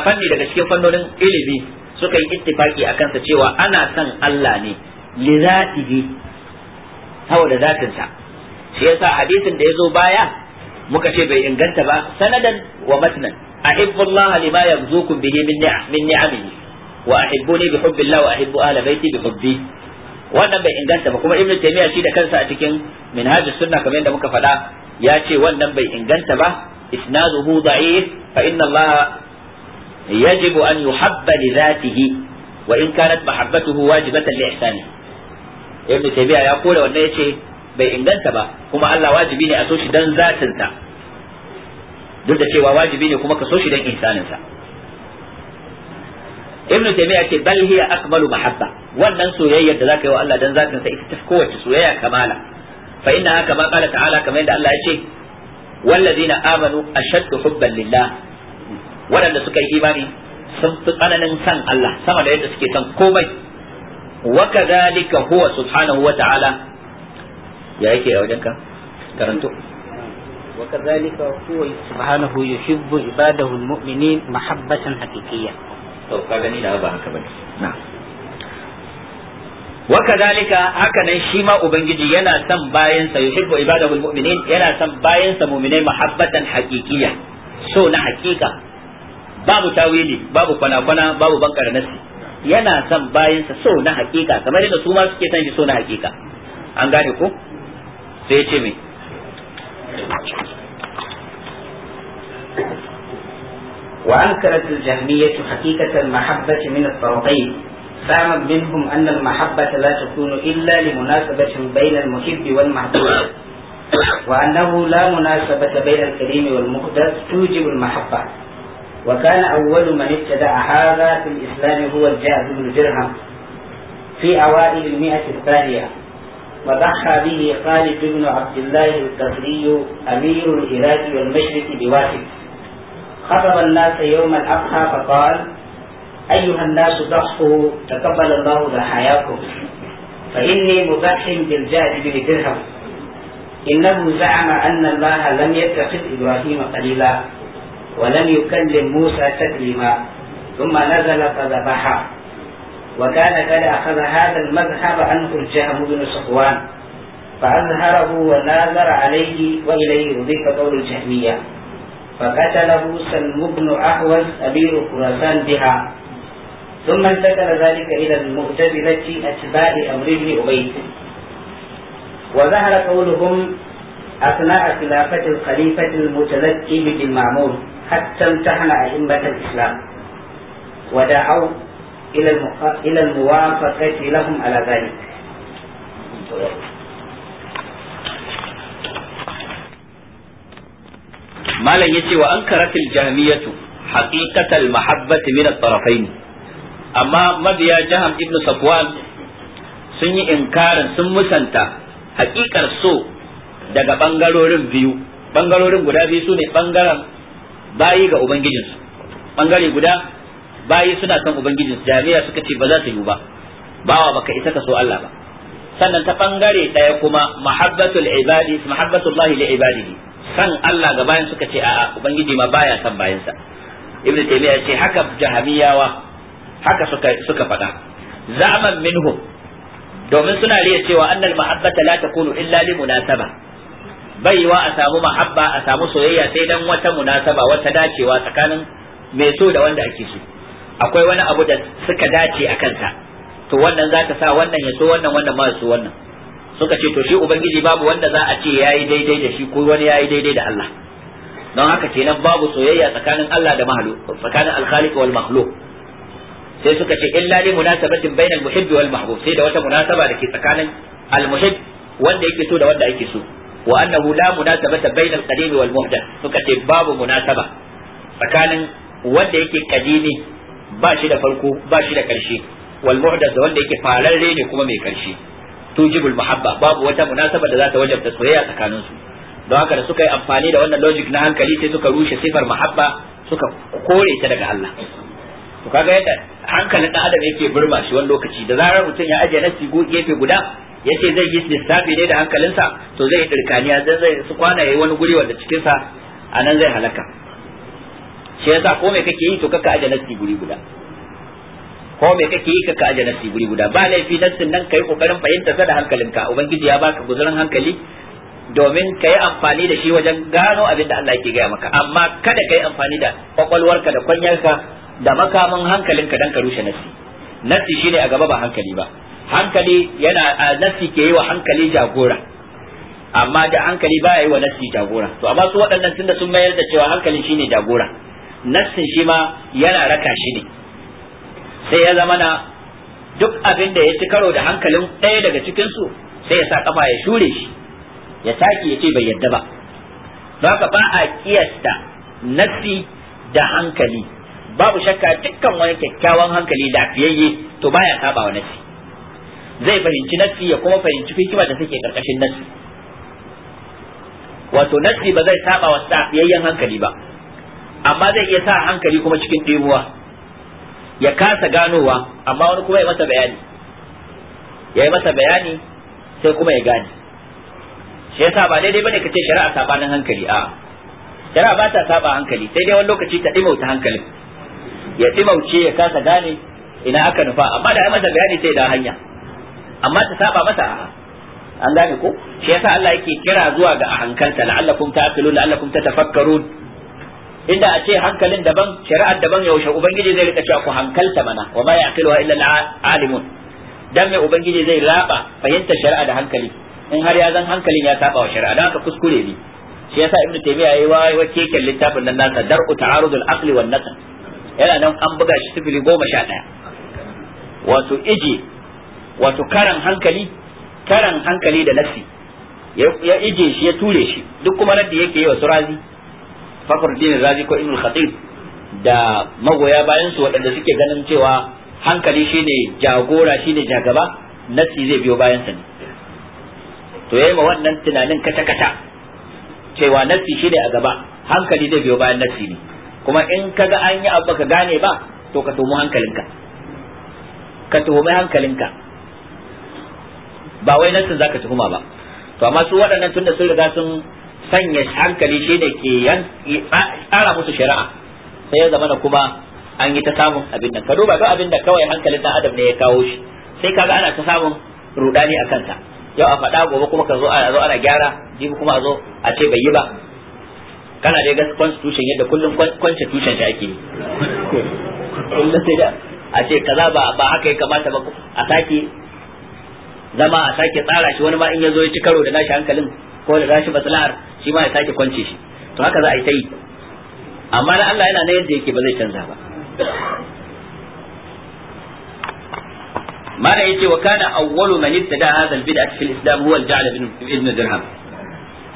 fanni daga cikin fannonin ilimi suka yi ittifaki a kansa cewa ana son Allah ne li zatihi saboda zatinsa shi yasa hadisin da ya zo baya muka ce bai inganta ba sanadan wa matnan ahibbullah lima yabzukum bihi min ni'amihi wa ni bi hubbillah wa ahibbu ahla baiti bi hubbi wannan bai inganta ba kuma ibn taymiya shi da kansa a cikin minhajus sunna kamar yadda muka faɗa ya ce wannan bai inganta ba isnaduhu da'if fa inna Allah yajibu an yuhabba li dhatihi wa in kanat mahabbatuhu wajibatan li ihsani ibn taymiya ya kore wannan yace bai inganta ba kuma Allah wajibi ne a so shi dan zatinsa duk da cewa wajibi ne kuma ka so shi dan ihsaninsa ibnu taymiya ce bal hiya akmalu mahabba wannan soyayyar da zaka yi wa Allah dan zatin sa ita ta kowace soyayya kamala fa inna haka ma qala ta'ala kamar yadda Allah ya ce wallazina amanu ashaddu hubban lillah waɗanda suka yi imani sun fi tsananin san Allah sama da yadda suke san komai wa kadhalika huwa subhanahu ya wajenka karanto وكذلك هو سبحانه يحب عباده المؤمنين محبة حقيقية to ka gani da ba haka bane wa kadalika haka nan shi ma ubangiji yana son sa yuhibbu ibadahu almu'minin yana son sa mu'minai mahabbatan haqiqiyya so na haqiqa babu tawili babu kwana-kwana babu bankar nasi yana son sa so na haqiqa kamar yadda su ma suke san shi so na haqiqa an gane ko sai ya ce me وأنكرت الجهمية حقيقة المحبة من الطرفين فاما منهم أن المحبة لا تكون إلا لمناسبة بين المحب والمحبوب وأنه لا مناسبة بين الكريم والمقدس توجب المحبة وكان أول من ابتدع هذا في الإسلام هو الجاز بن درهم في أوائل المئة الثانية وضحى به خالد بن عبد الله القصري أمير العراق والمشرق بواحد خطب الناس يوم الأضحى فقال أيها الناس ضحوا تقبل الله ضحاياكم فإني مضحي بالجاد بدرهم إنه زعم أن الله لم يتخذ إبراهيم قليلا ولم يكلم موسى تكليما ثم نزل فذبحا وكان قد أخذ هذا المذهب عنه الجهم بن صفوان فأظهره ونازر عليه وإليه أضيف قول الجهمية فقتله سلم بن أحوز أمير خراسان بها ثم انتقل ذلك إلى المعتزلة أتباع أمر بن أبي وظهر قولهم أثناء خلافة الخليفة المتلقي بالمعمول حتى امتحن أئمة الإسلام ودعوا إلى إلى الموافقة لهم على ذلك. malam yace wa ankaratil jahmiyatu haqiqatal mahabbati min at-tarafayn amma mabiya jaham ibn safwan sun yi inkarin sun musanta haƙiƙar so daga bangarorin biyu bangarorin guda biyu su ne bangaren bayi ga ubangijinsu bangare guda bayi suna son ubangijinsu jami'a suka ce ba za ta yi ba bawa baka isa ka so Allah ba sannan ta bangare daya kuma mahabbatul ibadi mahabbatullahi li ibadihi san Allah ga bayan suka ce a'a ubangiji ma baya san bayansa ibnu taymiya ce haka jahamiyawa haka suka suka faɗa za'man minhum domin suna riya cewa annal mahabbata la takunu illa li munasaba baiwa a samu mahabba a samu soyayya sai dan wata munasaba wata dacewa tsakanin mai so da wanda ake so akwai wani abu da suka dace a kansa to wannan za ta sa wannan ya so wannan wannan ma so wannan suka ce to shi ubangiji babu wanda za a ce yayi daidai da shi ko wani yayi daidai da Allah don haka kenan babu soyayya tsakanin Allah da mahluk tsakanin al-khaliq wal mahluk sai suka ce illa li munasabatin bainal muhibbi wal mahbub sai da wata munasaba da ke tsakanin al-muhib wanda yake so da wanda yake so wa annahu la munasabata bainal qadim wal muhdath suka ce babu munasaba tsakanin wanda yake kadimi ba shi da farko ba shi da karshe wal muhdath wanda yake fararre ne kuma mai karshe tujibul muhabba babu wata munasaba da za ta wajabta soyayya tsakanin su don haka da suka yi amfani da wannan logic na hankali sai suka rushe sifar mahabba suka kore ta daga Allah to kaga yadda hankalin dan adam yake burma shi wani lokaci da zarar mutum ya ajiye nasi gefe guda yace zai yi lissafi ne da hankalinsa to zai yi dirkaniya dan zai su kwana yayi wani guri wanda cikin sa anan zai halaka shi yasa ko me kake yi to kaka ajiye nasi guri guda ko me kake yi ka aje nasi guri guda ba laifi nassin nan kai kokarin fahimta da hankalinka ubangiji ya baka guzurin hankali domin ka yi amfani da shi wajen gano abin da Allah yake gaya maka amma kada ka yi amfani da kwakwalwarka da kwanyarka da makamin hankalinka dan ka rushe nasi nasi shine a gaba ba hankali ba hankali yana nasi ke yi wa hankali jagora amma da hankali baya yi wa nasi jagora to amma su waɗannan tunda sun mayar da cewa hankali shine jagora nassin shi ma yana raka shi ne sai ya zama na duk abin da ya ci karo da hankalin ɗaya daga cikin su sai ya sa kafa ya shure shi ya taki ya ce bai yadda ba don haka ba a kiyasta nafsi da hankali babu shakka dukkan wani kyakkyawan hankali lafiyayye to baya saba wa nafsi zai fahimci nafsi ya kuma fahimci hikima da take karkashin nafsi wato nafsi ba zai saba wa lafiyayyen hankali ba amma zai iya sa hankali kuma cikin ɗebuwa ya kasa ganowa amma wani kuma ya masa bayani ya yi masa bayani sai kuma ya gane shi yasa ba daidai bane ka ce shari'a sabanin hankali a shari'a ba ta saba hankali sai dai wani lokaci ta wuta hankalin ya wuce ya kasa gane ina aka nufa amma da ya masa bayani sai da hanya amma ta saba masa an gane ko shi yasa Allah yake kira zuwa ga a hankalta la'allakum ta'qilun la'allakum tatafakkarun inda a ce hankalin daban shari'ar daban yaushe ubangiji zai rika cewa ku hankalta mana wa ma yaqiluha illa alimun dan mai ubangiji zai raba fahimtar shari'a da hankali in har ya zan hankalin ya saba wa shari'a dan ka kuskure ne shi yasa ibnu taymiya yayi wa wa yake littafin nan nasa dar'u ta'arudul aqli wan naql yana nan an buga shi sifili goma sha ɗaya wato iji wato karan hankali karan hankali da nafsi ya ije shi ya ture shi duk kuma radda yake yi wa surazi Fakhruddin Razi ko Ibn Khatib da magoya bayan su waɗanda suke ganin cewa hankali shine jagora shine jagaba nasi zai biyo bayan sa ne to yayi ma wannan tunanin kata kata cewa nasi shine a gaba hankali zai biyo bayan nasi ne kuma in kaga an yi abu ka gane ba to ka tuhumi hankalinka ka tuhumi hankalinka ba wai nasin zaka tuhuma ba to amma su waɗannan tunda sun riga sun sanya hankali shi da ke tsara musu shari'a sai ya zama kuma an yi ta samun abin nan ka duba ga abin da kawai hankalin dan adam ne ya kawo shi sai kaga ana ta samun rudani a kanta yau a faɗa gobe kuma ka zo ana zo ana gyara jibi kuma a zo a ce bai yi ba kana da gas constitution yadda kullum constitution shi ake kullum sai da a ce kaza ba ba haka ya kamata ba a sake zama a sake tsara shi wani ma in ya zo ya ci karo da nashi hankalin ko da nashi maslahar shi ma ya sake kwance shi to haka za a yi ta yi amma na Allah yana na yadda yake ba zai canza ba mana yace wa kana awwalu man ibtada hadha al-bid'ah fil islam huwa al-ja'l ibn dirham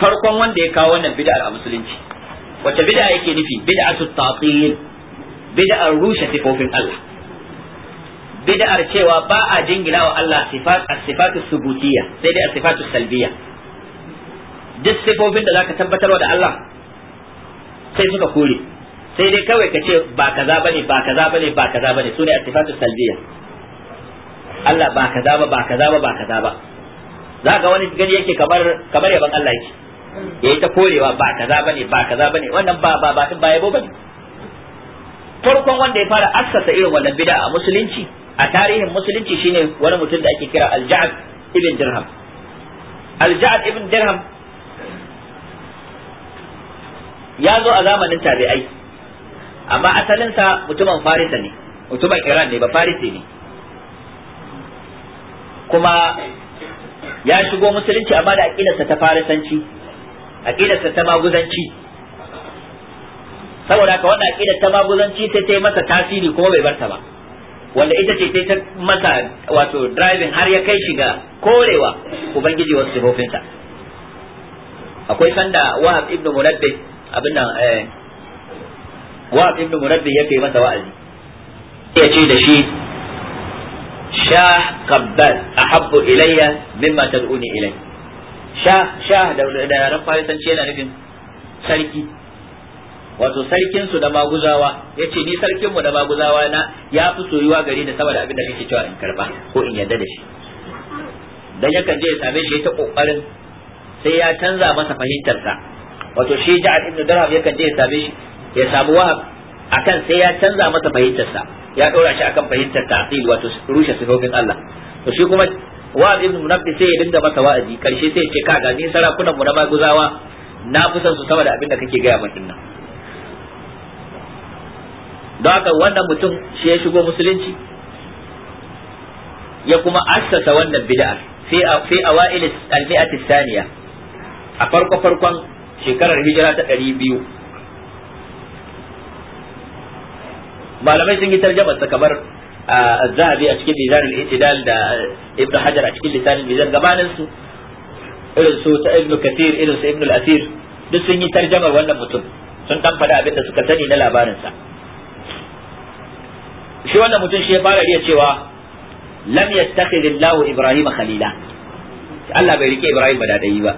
farkon wanda ya kawo wannan bid'ar a musulunci wace bid'a yake nufi bid'atu ta'til bid'ar rushe sifofin Allah bid'ar cewa ba a jingina wa Allah sifat as-sifatu subutiyya sai dai as-sifatu salbiyya duk sifofin da zaka tabbatarwa da Allah sai suka kore sai dai kawai ka ce ba kaza bane ba kaza bane ba kaza bane sune attifatu salbiya Allah ba kaza ba ba kaza ba ba kaza ba za ga wani gani yake kamar kamar yaban Allah yake yayi ta korewa ba kaza bane ba kaza bane wannan ba ba ba ba yabo bane farkon wanda ya fara assasa irin wannan bid'a a musulunci a tarihin musulunci shine wani mutum da ake kira al-Ja'd ibn Dirham al-Ja'd ibn Dirham ya zo a zamanin tabi'ai amma asalinsa mutumin farisa ne mutumin iran ne ba farisi ne kuma ya shigo musulunci amma da aƙidarsa ta farisanci aƙidarsa ta maguzanci saboda ka wanda aƙidar ta maguzanci sai ta yi masa tasiri kuma bai barta ba wanda ita ce ta masa wato driving har ya kai shi ga korewa ubangiji wasu sifofinsa akwai sanda wahab ibn munaddih abin nan eh wa ibn murabbi yake masa wa'azi ya ce da shi shah qabbal ahabbu ilayya mimma tad'uni ilay shah shah da da yaran ce yana nufin sarki wato sarkin su da maguzawa yace ni sarkin mu da maguzawa na ya fi soyuwa gare ni saboda abin da kake cewa in karba ko in yarda da shi dan yakan je ya same shi ta kokarin sai ya canza masa fahimtar sa wato shi ja'ad ibn dirham yakan je ya same shi ya samu wahab akan sai ya canza masa sa ya daura shi akan fahimtar ta'til wato rushe sifofin Allah to shi kuma wa'az ibn munabbi sai ya dinga masa wa'azi karshe sai ya ce ka ga ni sarakunan mu na maguzawa na fi su sama da abin kake gaya min dinnan don haka wannan mutum shi ya shigo musulunci ya kuma assasa wannan bid'a fi a wa'il al-mi'ati thaniya a farko farkon shekarar hijira ta ɗari biyu malamai sun yi tarjamar ta kamar zahabi a cikin mizan al-i'tidal da Ibn hajar a cikin lisan mizan gabanin su irin su ta ibnu kathir irin su ibnu al-asir duk sun yi tarjamar wannan mutum sun dan faɗa abin da suka sani na labarinsa shi wannan mutum shi ya fara iya cewa lam yattakhidillahu ibrahima khalila Allah bai rike Ibrahim ba da ba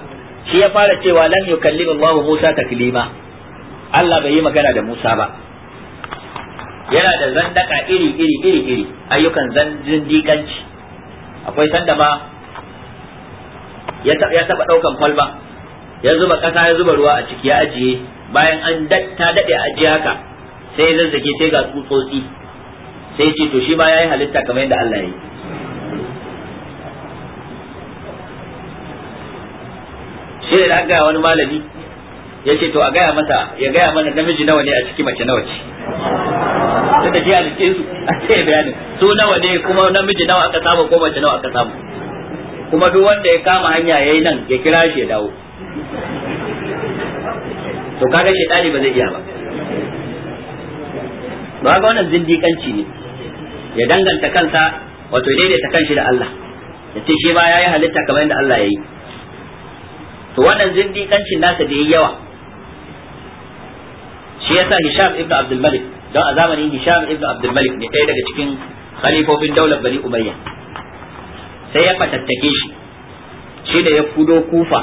shi ya fara cewa lan yukallimu Allahu Musa taklima Allah bai yi magana da Musa ba yana da zandaka iri iri iri iri ayyukan zandikanci. akwai sanda ma ya taɓa ɗaukan kwalba ya zuba ƙasa ya zuba ruwa a ciki ya ajiye bayan an ta daɗe ajiye haka sai ya zazzage sai ga tsutsotsi sai ce to shi ma ya yi halitta kamar yadda Allah ya yi shi ne da aka gaya wani malami ya ce to a gaya mata ya gaya mana namiji nawa ne a ciki mace nawa ce tunda shi halitta su a ce bayanin su nawa ne kuma namiji nawa aka samu ko mace nawa aka samu kuma duk wanda ya kama hanya yayi nan ya kira shi ya dawo to kaga shi dali ba zai iya ba ba ga wannan zindikanci ne ya danganta kansa wato daidaita kanshi da Allah ya ce shi ma yayi halitta kamar yadda Allah yayi to wannan zindiƙancin nasa da yi yawa shi yasa Hisham ibn Abdul Malik don a zamanin Hisham ibn Abdul Malik ne ɗaya daga cikin khalifofin daular Bani Umayya sai ya fatattake shi shi da ya kudo Kufa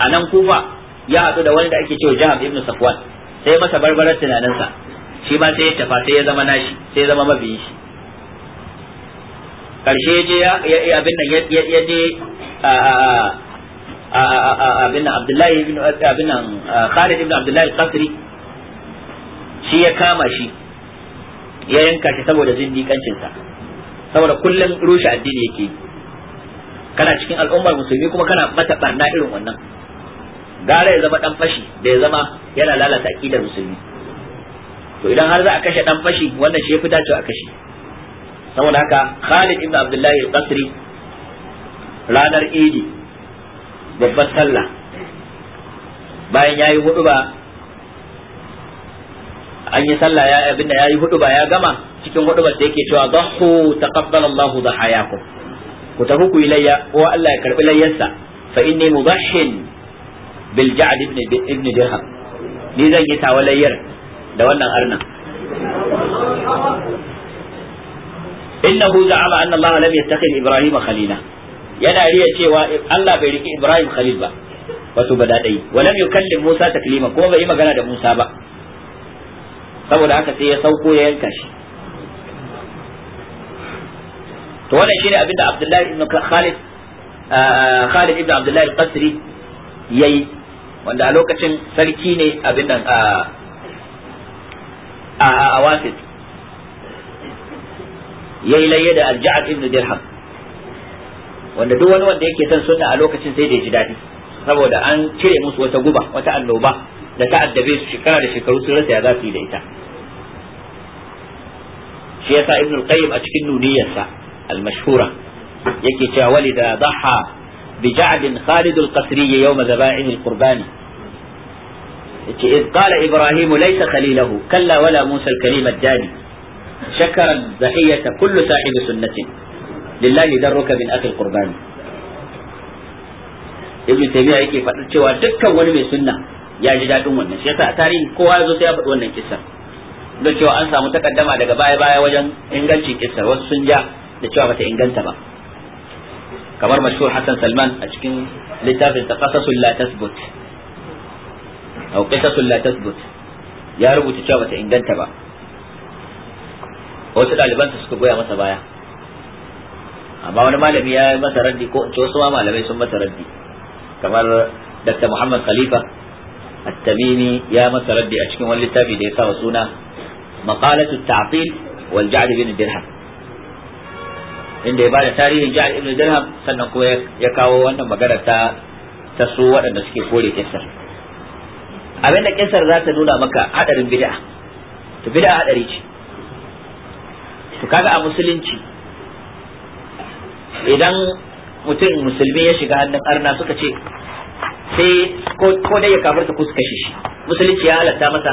a nan Kufa ya haɗu da wani da ake cewa Jahab ibn Safwan sai masa barbarar tunaninsa shi ma sai ya tafa sai ya zama nashi sai ya zama mabiyin shi karshe ya je ya abin nan ya je abin Abdullahi ibn Abdullahi qasri shi ya kama shi ya yanka shi saboda zindiƙancin sa saboda kullum rushe addini yake kana cikin al'ummar musulmi kuma kana bata barna irin wannan gara ya zama dan fashi da ya zama yana lalata aqidar musulmi to idan har za a kashe dan fashi wannan shi fita dacewa a kashe saboda haka Khalid ibn Abdullahi qasri ranar Idi babbar sallah bayan yayi hudu ba an yi sallah ya abinda yayi hudu ba ya gama cikin hudu ba da yake cewa dhahu taqabbala Allahu dhahayakum ku tafi ku ilayya ko Allah ya karbi layyarsa fa inni mudahhin bil ja'd ibn ibn dirham ni zan yi tawalayyar da wannan arna innahu za'ama anna Allah lam yattakhidh ibrahima khalila yana riya cewa Allah bai riki Ibrahim Khalil ba wato ba daɗai walam yukallim Musa taklima ko bai yi magana da Musa ba saboda haka sai ya sauko ya yanka shi to wannan shine abin da Abdullahi ibn Khalid ah, Khalid ibn Abdullahi al-Qasri yayi wanda a lokacin sarki ne abin nan a ah, a ah, wasit yayi layya da Al-Ja'ad ibn Dirham wanda duk wani wanda yake son sunna a lokacin sai da ji daɗi saboda an cire musu wata guba wata annoba da ta addabe su shekara da shekaru sun rasa ya za su yi da ita shi yasa ibn al-qayyim a cikin nuniyarsa al-mashhura yake cewa walida dhaha bi ja'd khalid al-qasri yawm zaba'in al-qurban yace id qala ibrahim laysa khalilahu kalla wala musa al-kalim ad-dani shakara dhahiyata kullu sahib sunnatin lillahi darruka min akil qurbani ibn taymiya yake faɗa cewa dukkan wani mai sunna ya ji daɗin wannan shi yasa a tarihi kowa ya zo sai ya faɗi wannan kissa da cewa an samu takaddama daga baya baya wajen ingancin kissa wasu sun ja da cewa bata inganta ba kamar mashhur Hassan Salman a cikin littafin ta qasasul la tasbut aw qisasul la tasbut ya rubuta cewa bata inganta ba wasu ɗaliban suka goya masa baya amma wani malami ya yi masa raddi ko ce wasu malamai sun masa raddi kamar Dr. Muhammad Khalifa At-Tamimi ya masa raddi a cikin wani littafi da ya sa suna Maqalatu Ta'til wal Ja'd ibn Dirham inda ya bada tarihin Ja'd ibn Dirham sannan kuma ya kawo wannan magana ta ta su waɗanda suke kore kissar abinda kissar za ta nuna maka hadarin bid'a to bid'a hadari ce to kaga a musulunci idan mutum musulmi ya shiga hannun arna suka ce sai ko dai ya kafarta ko su kashe shi musulunci ya halatta masa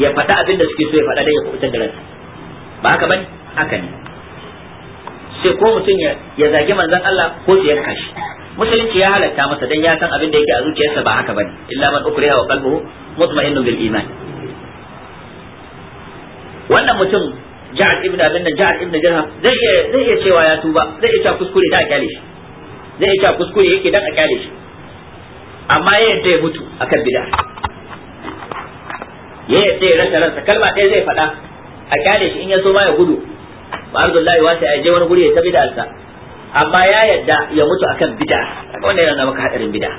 ya faɗa abin da suke so ya faɗa dai ya kubutar da ransa ba haka bane haka ne sai ko mutum ya zagi manzon Allah ko su yanka shi musulunci ya halatta masa dan ya san abin da yake a zuciyarsa ba haka bane illa man ukriha wa qalbuhu mutma'innun bil iman wannan mutum ja'al ibn abin nan ja'al ibn jarha zai iya zai iya cewa ya tuba zai iya cewa kuskure da a kyale shi zai iya cewa kuskure yake dan a kyale shi amma ya yadda ya mutu akan bid'a ya yadda ya rasa ransa kalma ɗaya zai faɗa a kyale shi in ya so ma ya gudu ba arzullahi wasi a je wani guri ya ta bid'arsa amma ya yadda ya mutu akan bid'a wanda yana maka hadarin bid'a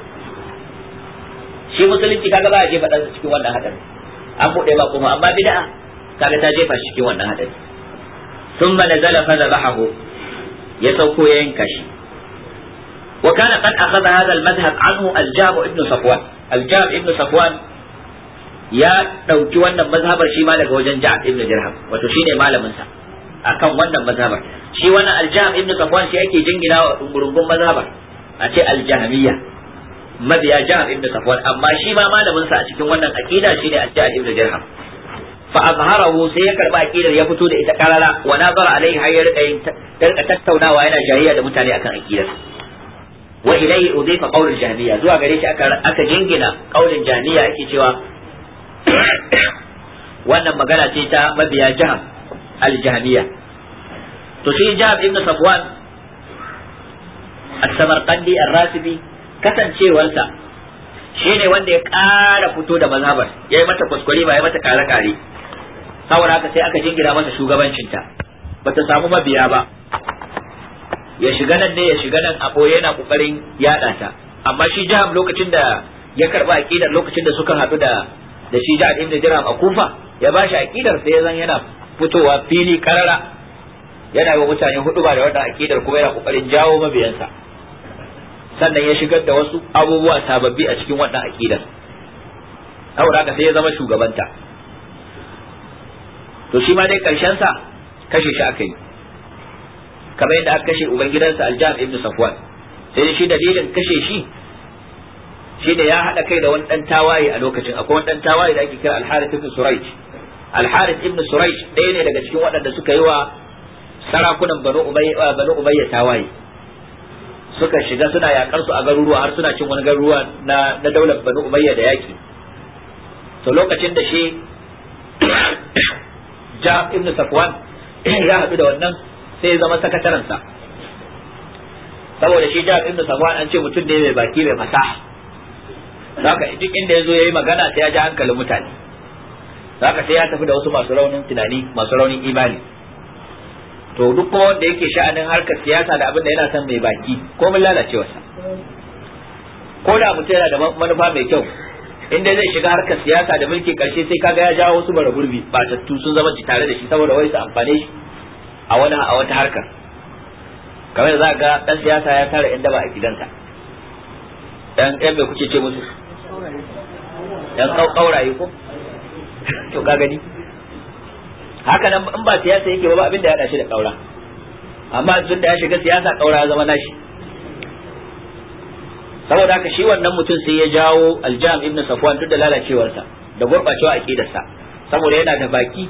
shi musulunci kaga ba a jefa ɗansa cikin wannan hadarin an buɗe ba kuma amma bid'a kaga ta jefa shi cikin wannan hadari thumma nazala fa zabahu ya sauko ya yanka shi wa kana qad akhadha hadha al-madhhab anhu ibn Safwan ya ɗauki wannan mazhabar shi daga wajen Ja'ad ibn Dirham wato shine malamin akan wannan mazhabar shi wannan al ibn Safwan shi ake jingina wa dungurungun mazhabar a ce al mabiya jihar ibn safwan amma shi ma a cikin wannan aqida shine al ibn fa azharahu sai ya karba aqidar ya fito da ita karara wa nazara alaihi har ya rika tattaunawa yana jayayya da mutane akan aqidar wa ilayhi udhifa qawl al-jahmiyya zuwa gare shi aka aka jingina qaulin jahmiyya yake cewa wannan magana ce ta mabiya jaham al-jahmiyya to shi jaham ibn safwan as-samarqandi ar-rasibi kasancewarsa shine wanda ya ƙara fito da mazhabar yayi mata kuskure ba mata kare kare saboda haka sai aka jingira masa shugabancinta bata samu mabiya ba ya shiga nan ne ya shiga nan a boye yana kokarin yada ta amma shi jiham lokacin da ya karba aqidar lokacin da suka haɗu da da shi jihar ibn jiran a kufa ya ba shi aqidar sai zan yana fitowa fili karara yana ga mutane hudu ba da wannan aqidar kuma yana kokarin jawo mabiyansa sannan ya shigar da wasu abubuwa sababbi a cikin wannan aqidar saboda haka sai ya zama shugabanta to shi ma dai karshen sa kashe shi aka yi kamar yadda aka kashe ubangidansa aljam ibn safwan sai shi dalilin kashe shi shi da ya haɗa kai da wani dan tawaye a lokacin akwai wani dan tawaye da ake kira al ibn suraij al ibn ɗaya ne daga cikin waɗanda suka yi wa sarakunan banu ubayya banu tawaye suka shiga suna yakar su a garuruwa har suna cin wani garuruwa na na daular banu ubayya da yaki to lokacin da shi ja ibn safwan ya haɗu da wannan sai ya zama sakatarensa saboda shi ja ibn safwan an ce mutum ne mai baki mai fasaha zaka duk inda ya zo ya yi magana sai ya ja hankalin mutane zaka sai ya tafi da wasu masu raunin tunani masu raunin imani to duk kuma wanda yake sha'anin harkar siyasa da abin da yana son mai baki ko mun lalacewarsa ko da mutum yana da manufa mai kyau inda zai shiga harkar siyasa da mulki karshe sai kaga ya jawo wasu bara gurbi ta sun zama tare da shi saboda wai su amfane shi a wani a wata harkar kamar da za ga dan siyasa ya tara yan daba a gidansa dan yan mai kuke ce musu
dan kauraye ko to
ka gani haka nan in ba siyasa yake ba abin da ya dace da kaura amma tun da ya shiga siyasa kaura ya zama nashi saboda haka shi wannan mutum sai ya jawo aljam ibn safwan duk da lalacewarsa da gurbacewa aqidarsa saboda yana da baki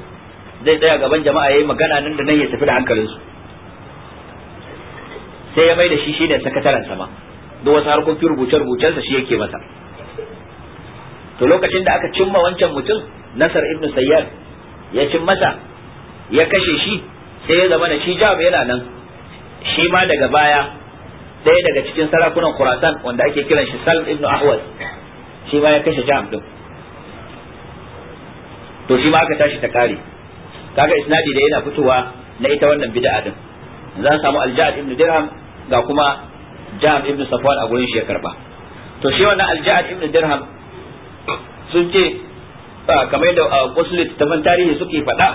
zai tsaya gaban jama'a yayi magana nan da nan ya tafi da hankalinsu sai ya mai da shi shine sakataren sama duk wasu harkokin rubuce rubucensa shi yake masa to lokacin da aka cimma wancan mutum nasar ibn sayyar ya cin masa ya kashe shi sai ya zama da shi jam yana nan shi ma daga baya ɗaya daga cikin sarakunan Khurasan wanda ake kiran shi Salm ibn Ahwaz shi ma ya kashe Jam din to shi ma aka tashi ta kare kaga isnadi da yana fitowa na ita wannan bid'a din za a samu Al-Ja'd ibn Dirham ga kuma Jam ibn Safwan a gurin shi ya karba to shi wannan Al-Ja'd ibn Dirham sun ce kamar da wasu littattafan tarihi suke faɗa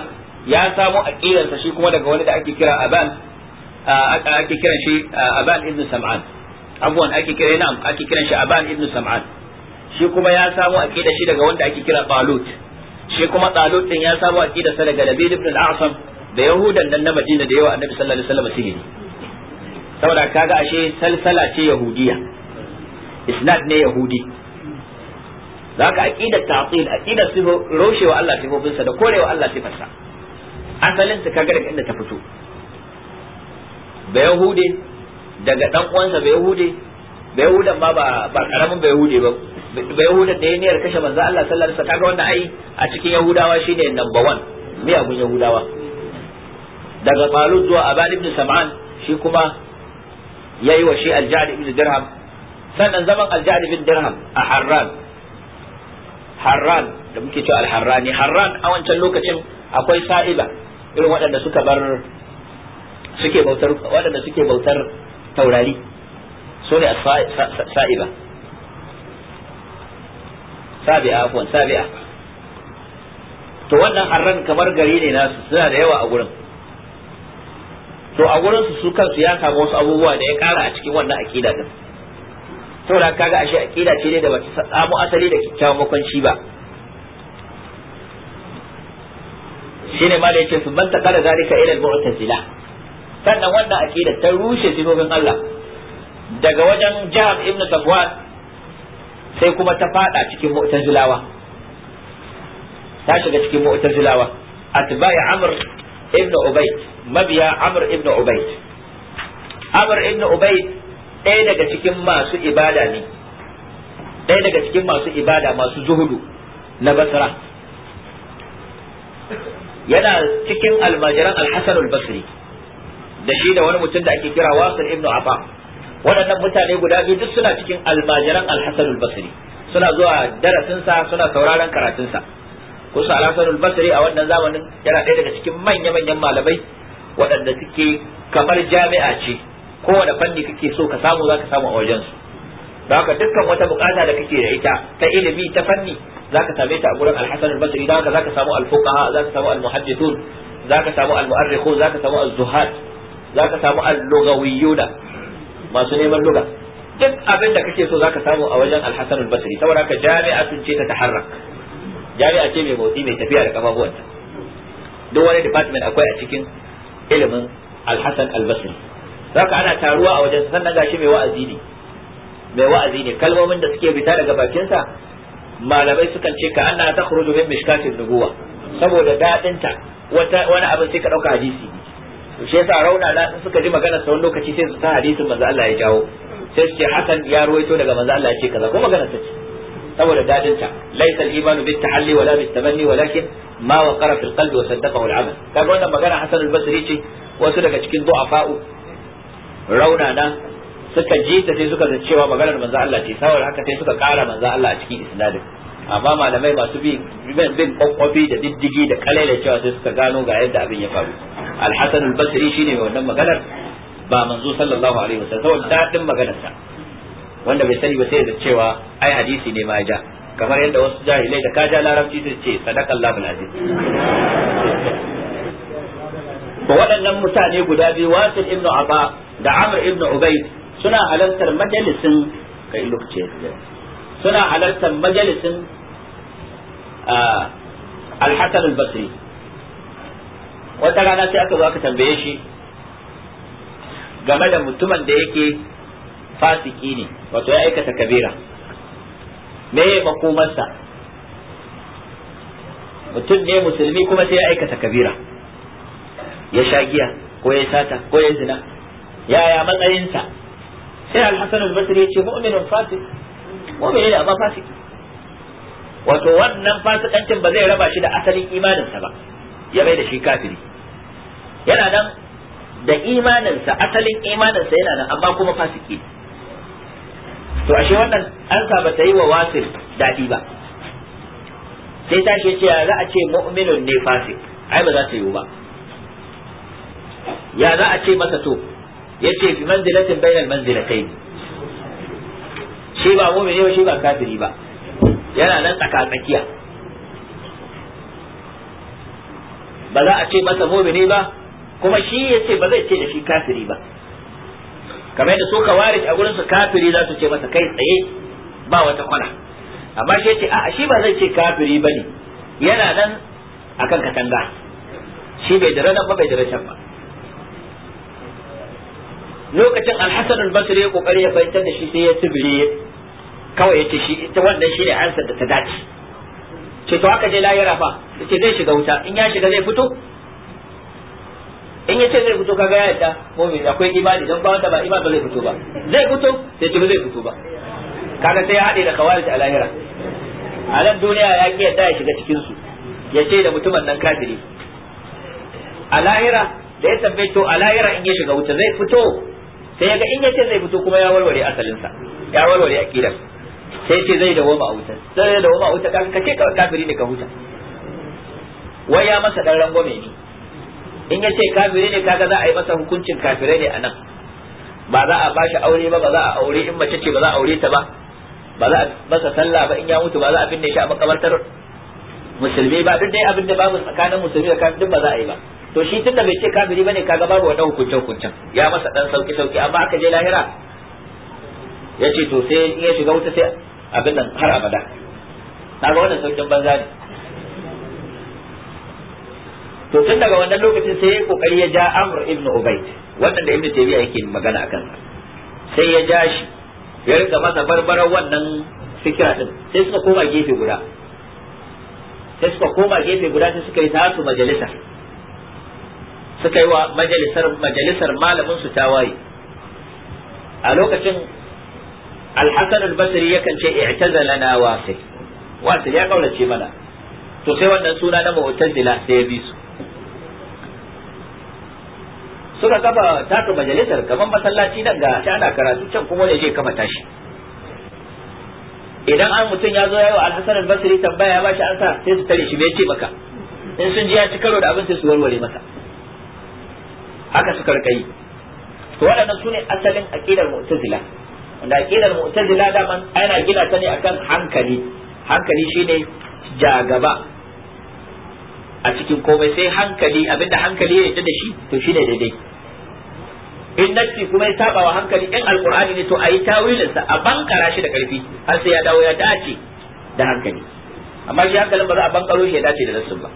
ya samo ƙirarsa shi kuma daga wani da ake kira Aban ake kiran shi aban ibn sam'an abuwan ake kira na'am ake kiran shi aban ibn sam'an shi kuma ya samu aqida shi daga wanda ake kira talut shi kuma talut din ya samu aqida sa daga labid ibn al-asam da yahudan nan na madina da yawa annabi sallallahu alaihi wasallam sihiri saboda kaga ashe salsala ce yahudiya isnad ne yahudi zaka aqida ta'til aqida sifo roshewa Allah sifofinsa da korewa Allah sifarsa asalin ta kaga daga inda ta fito ba yahude daga dan uwansa ba yahude ba yahudan ba ba karamin ba yahude ba ba yahudan da ya niyyar kashe manzo Allah sallallahu alaihi wasallam kaga wannan ai a cikin yahudawa shine number 1 mai abun yahudawa daga Talut zuwa Abad ibn Sam'an shi kuma yayi wa shi Al-Ja'd ibn Dirham sannan zaman Al-Ja'd ibn Dirham a Harran Harran da muke cewa Al-Harrani Harran a wancan lokacin akwai sa'iba irin waɗanda suka bar suke bautar waɗanda suke bautar taurari su ne sa'iba sabi'a afwan sabi'a to wannan harran kamar gari ne nasu suna da yawa a gurin to a gurin su su kansu ya samu wasu abubuwa da ya kara a cikin wannan akida din da kaga ashe akida ce ne da bata samu asali da kyakkyawan makwanci ba shine ma da yake su banta kala zalika ila al-mu'tazila sannan wannan aqida ta rushe sifofin Allah daga wajen Jihar ibn Safwan sai kuma ta fada cikin mu'tazilawa ta shiga cikin mu'tazilawa atba'i Amr ibn Ubayd mabiya Amr ibn Ubayd Amr ibn Ubayd ɗaya daga cikin masu ibada ne ɗaya daga cikin masu ibada masu zuhudu na Basra yana cikin almajiran al-Hasan al-Basri al hasan al basri da shi da wani mutum da ake kira wasil ibnu afa waɗannan mutane guda biyu duk suna cikin almajiran al Basiri. suna zuwa darasinsa suna sauraron karatunsa kusa al-hasan a wannan zamanin yana ɗaya daga cikin manya-manyan malamai waɗanda suke kamar jami'a ce kowane fanni kake so ka samu za ka samu a wajensu da haka dukkan wata bukata da kake da ita ta ilimi ta fanni za ka same ta a gurin al basri da haka za ka samu al za ka samu al za ka samu al za ka samu az-zuhad Za ka samu al lugawiyuna masu neman lugha duk abin da kake so za ka samu a wajen al-Hasan al-Basri saboda ka jami'atun ce ta taharrak jami'a ce mai motsi mai tafiya da kafafuwanta duk wani department akwai a cikin ilimin al-Hasan al-Basri ana taruwa a wajen sannan gashi mai wa'azi ne mai wa'azi ne kalmomin da suke fita daga bakinsa malamai sukan ce ka anna takhruju min mishkatin nubuwa saboda dadinta wani abin sai ka dauka hadisi to shi yasa rauna na suka ji magana sa wani lokaci sai su sa hadisin manzo Allah ya jawo sai su ce hakan ya ruwaito daga manzo Allah ya ce kaza ko magana ta ce saboda dadin ta laysa al-iman bit tahalli wala bit tamanni walakin ma waqara fil qalbi wa saddaqahu al-amal kaga wannan magana Hasan al-Basri ce wasu daga cikin du'afa'u rauna na suka ji ta sai suka zace cewa maganar manzo Allah ce saboda haka sai suka kara manzo Allah a cikin isnadin amma malamai masu bin bin kwakwafi da diddigi da kalai da cewa sai suka gano ga yadda abin ya faru al-hasan al-basri shine mai wannan maganar ba manzo sallallahu alaihi wasallam saboda dadin maganar sa wanda bai sani ba sai da cewa ai hadisi ne ma ja kamar yadda wasu jahilai da kaja larabci sai ce sadaka Allahu bil aziz ba waɗannan mutane guda biyu wasil ibnu aba da amr ibnu ubayd suna halartar majalisin kai lokaci suna halartar majalisin الحسن البصري al-basri wata rana sai aka aka tambaye shi game da mutumin da yake fasiki ne wato ya aikata kabira me ya makomarsa mutum ne musulmi kuma sai ya aikata kabira ya sha giya ko ya sata ko ya zina yaya matsayinsa sai al-hasan al-basri ya ce mu'minun fasik mu'minin ne amma fasiki wato wannan fasikancin ba zai raba shi da asalin imaninsa ba ya bai da shi kafiri yana nan da imaninsa asalin imaninsa yana nan amma kuma fasiki to ashe wannan an saba ta yi wa wasir daɗi ba sai ta ce ya za a ce mu'minun ne fasik ai ba za ta yi ba ya za a ce masa to yace fi manzilatin bainal manzilatayn shi ba mu'mini ba shi ba kafiri ba yana nan tsakatsakiya ba za a ce masa mumini ba kuma shi ya ce ba zai ce da shi kafiri ba kamar yadda su kawarij a gurin su kafiri za su ce masa kai tsaye ba wata kwana amma shi ya ce a shi ba zai ce kafiri ba ne yana nan a kan katanga shi bai dira nan ba bai dira can ba lokacin alhassan albasri ya kokari ya fahimtar da shi sai ya tibiri kawai yace shi ita wannan ne ansar da ta dace ce to haka je lahira fa yace zai shiga wuta in ya shiga zai fito in yace zai fito kaga ya yadda me akwai imani dan ba wanda ba imani ba zai fito ba zai fito sai ce ba zai fito ba kaga sai ya hade da kawai a lahira a nan duniya ya ki yadda ya shiga cikin su yace da mutumin nan kafiri a lahira da ya tambaye a lahira in ya shiga wuta zai fito sai ga in yace zai fito kuma ya warware asalinsa ya warware akidar sai ce zai dawo a wuta zai dawo a wuta ka ce kafiri ne ka huta wai ya masa dan rangwame ne in ya ce kafiri ne kaga za a yi masa hukuncin kafirai ne anan ba za a bashi aure ba ba za a aure in mace ce ba za a aure ta ba ba za a masa sallah ba in ya mutu ba za a binne shi a makabartar musulmi ba duk dai abin da babu tsakanin musulmi da kafiri ba za a yi ba to shi tunda bai ce kafiri bane kaga babu wannan hukuncin hukuncin ya masa dan sauki sauki amma aka je lahira ya ce to sai in ya shiga wuta sai abin nan har abada kaga wannan saukin banza ne to tun daga wannan lokacin sai ya kokari ya ja Amr ibn Ubayd wannan da Ibn Taymiyyah yake magana akan sai ya ja shi ya rika masa barbarar wannan fikira din sai suka koma gefe guda sai suka koma gefe guda sai suka yi tasu majalisa suka yi wa majalisar majalisar malamin su tawaye a lokacin الحسن البصري يكن شيء yakan ce i'tazalana wasil wasil ya kaulace mana أن wannan suna na سورة ya مجلسر كمان suka kafa taka majalisar kamar masallaci nan ga كما karatu can kuma ne kafa tashi idan an mutum ya zo yayi wa al-hasan al-basri tambaya ya bashi ansa sai su tare shi bai ce maka in sun ji ya ci karo da abin sai su warware maka. haka to sune asalin aqidar mu'tazila wanda kila mu'tazila ban ana gina ta ne akan hankali hankali shine jagaba a cikin komai sai hankali abinda hankali ya yadda da shi to shine daidai in nafsi kuma ya saba wa hankali in alqur'ani ne to ayi tawilin sa a bankara shi da karfi har sai ya dawo ya dace da hankali amma shi hankalin ba za a bankaro shi ya dace da nassin ba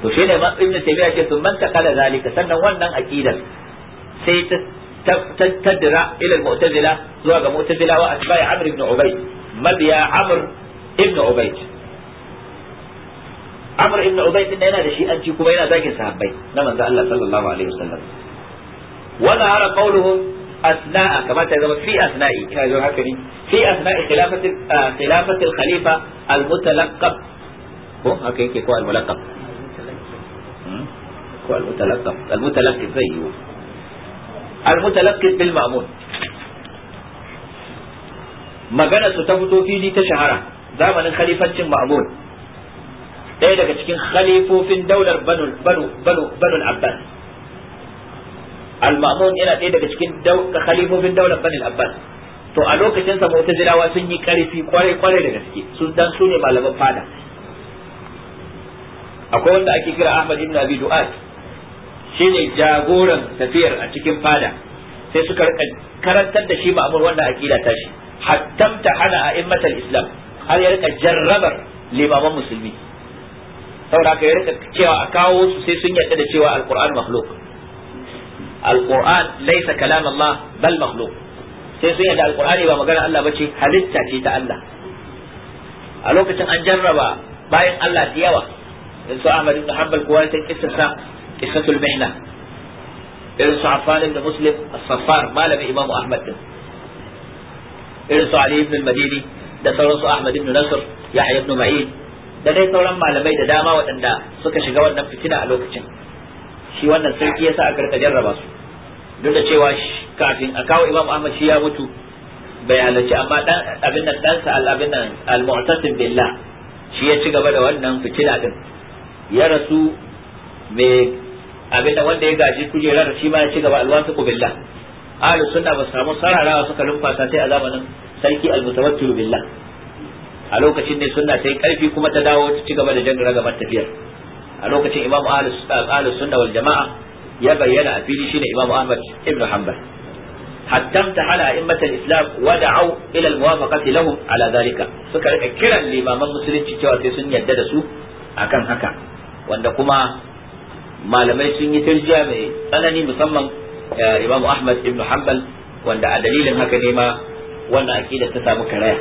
to shine ma ibnu taymiya ce sun man kala zalika sannan wannan aqidar sai ta tattadira ila mu'tazila zuwa ga mu'tazila wa asbai amr ibn ubayd mabiya amr ibn ubayd amr ibn ubayd din yana da shi an ci kuma yana zagin sahabbai na manzo Allah sallallahu alaihi wasallam wala ara qawluhum asna'a kamata ta zama fi asna'i ina jin haka ne fi asna'i khilafati khilafati al-khalifa al-mutalaqqab ko haka yake ko al-mulaqqab ko al-mutalaqqab al-mutalaqqab zai yi almutalaqqi bil ma'mun magana su ta fito fili ta shahara zamanin khalifancin تكين ɗaya daga cikin khalifofin daular banu banu العباس yana ɗaya daga cikin khalifofin daular banu العباس to a lokacin sa mu'tazilawa sun yi karfi kwarai kwarai da gaske sun dan su ne malaman fada akwai wanda ake kira Ahmad ibn Abi Du'at Shi ne jagoran tafiyar a cikin fada sai suka karantar da shi ma'amur wanda aqida ta shi hattamta hana a'immatal islam har ya rika jarrabar limaman musulmi saboda ka ya rika cewa a kawo su sai sun yarda da cewa alquran makhluq alquran laysa kalam Allah bal makhluq sai sun yarda alqur'ani ba magana Allah bace halitta ce ta Allah a lokacin an jarraba bayan Allah da yawa yanzu Ahmad ibn Hanbal kowa ta kissa qissatul mihna irin su Afanin da Muslim a safar malamin Imam Ahmad din irin su Ali ibn madini da sauran su Ahmad ibn Nasr Yahya ibn Ma'in da dai sauran malamai da dama waɗanda suka shiga wannan fitina a lokacin shi wannan sarki yasa a rika jarraba su duk da cewa kafin a kawo Imam Ahmad shi ya mutu bai halarci amma dan abin nan dansa al-abin nan al-mu'tasim billah shi ya ci gaba da wannan fitina din ya rasu mai abin da wanda ya gaji kujerar shi ma ya ci gaba alwasu billah ahli sunna ba samu sararawa suka lumfa sai a zamanin sarki almutawakkilu billah a lokacin ne sunna sai karfi kuma ta dawo ta ci gaba da jangra gaban tafiyar a lokacin imamu ahli sunna wal jama'a ya bayyana a fili shine imamu ahmad ibn hanbal hatta imtahana a'immatul islam wa da'u ila al-muwafaqati lahum ala dhalika suka rika kiran limaman musulunci cewa sai sun yadda da su akan haka wanda kuma malamai sun yi tarjiya mai tsanani musamman imamu ahmad ibn hanbal wanda a dalilin haka ne ma wannan aqida ta samu karaya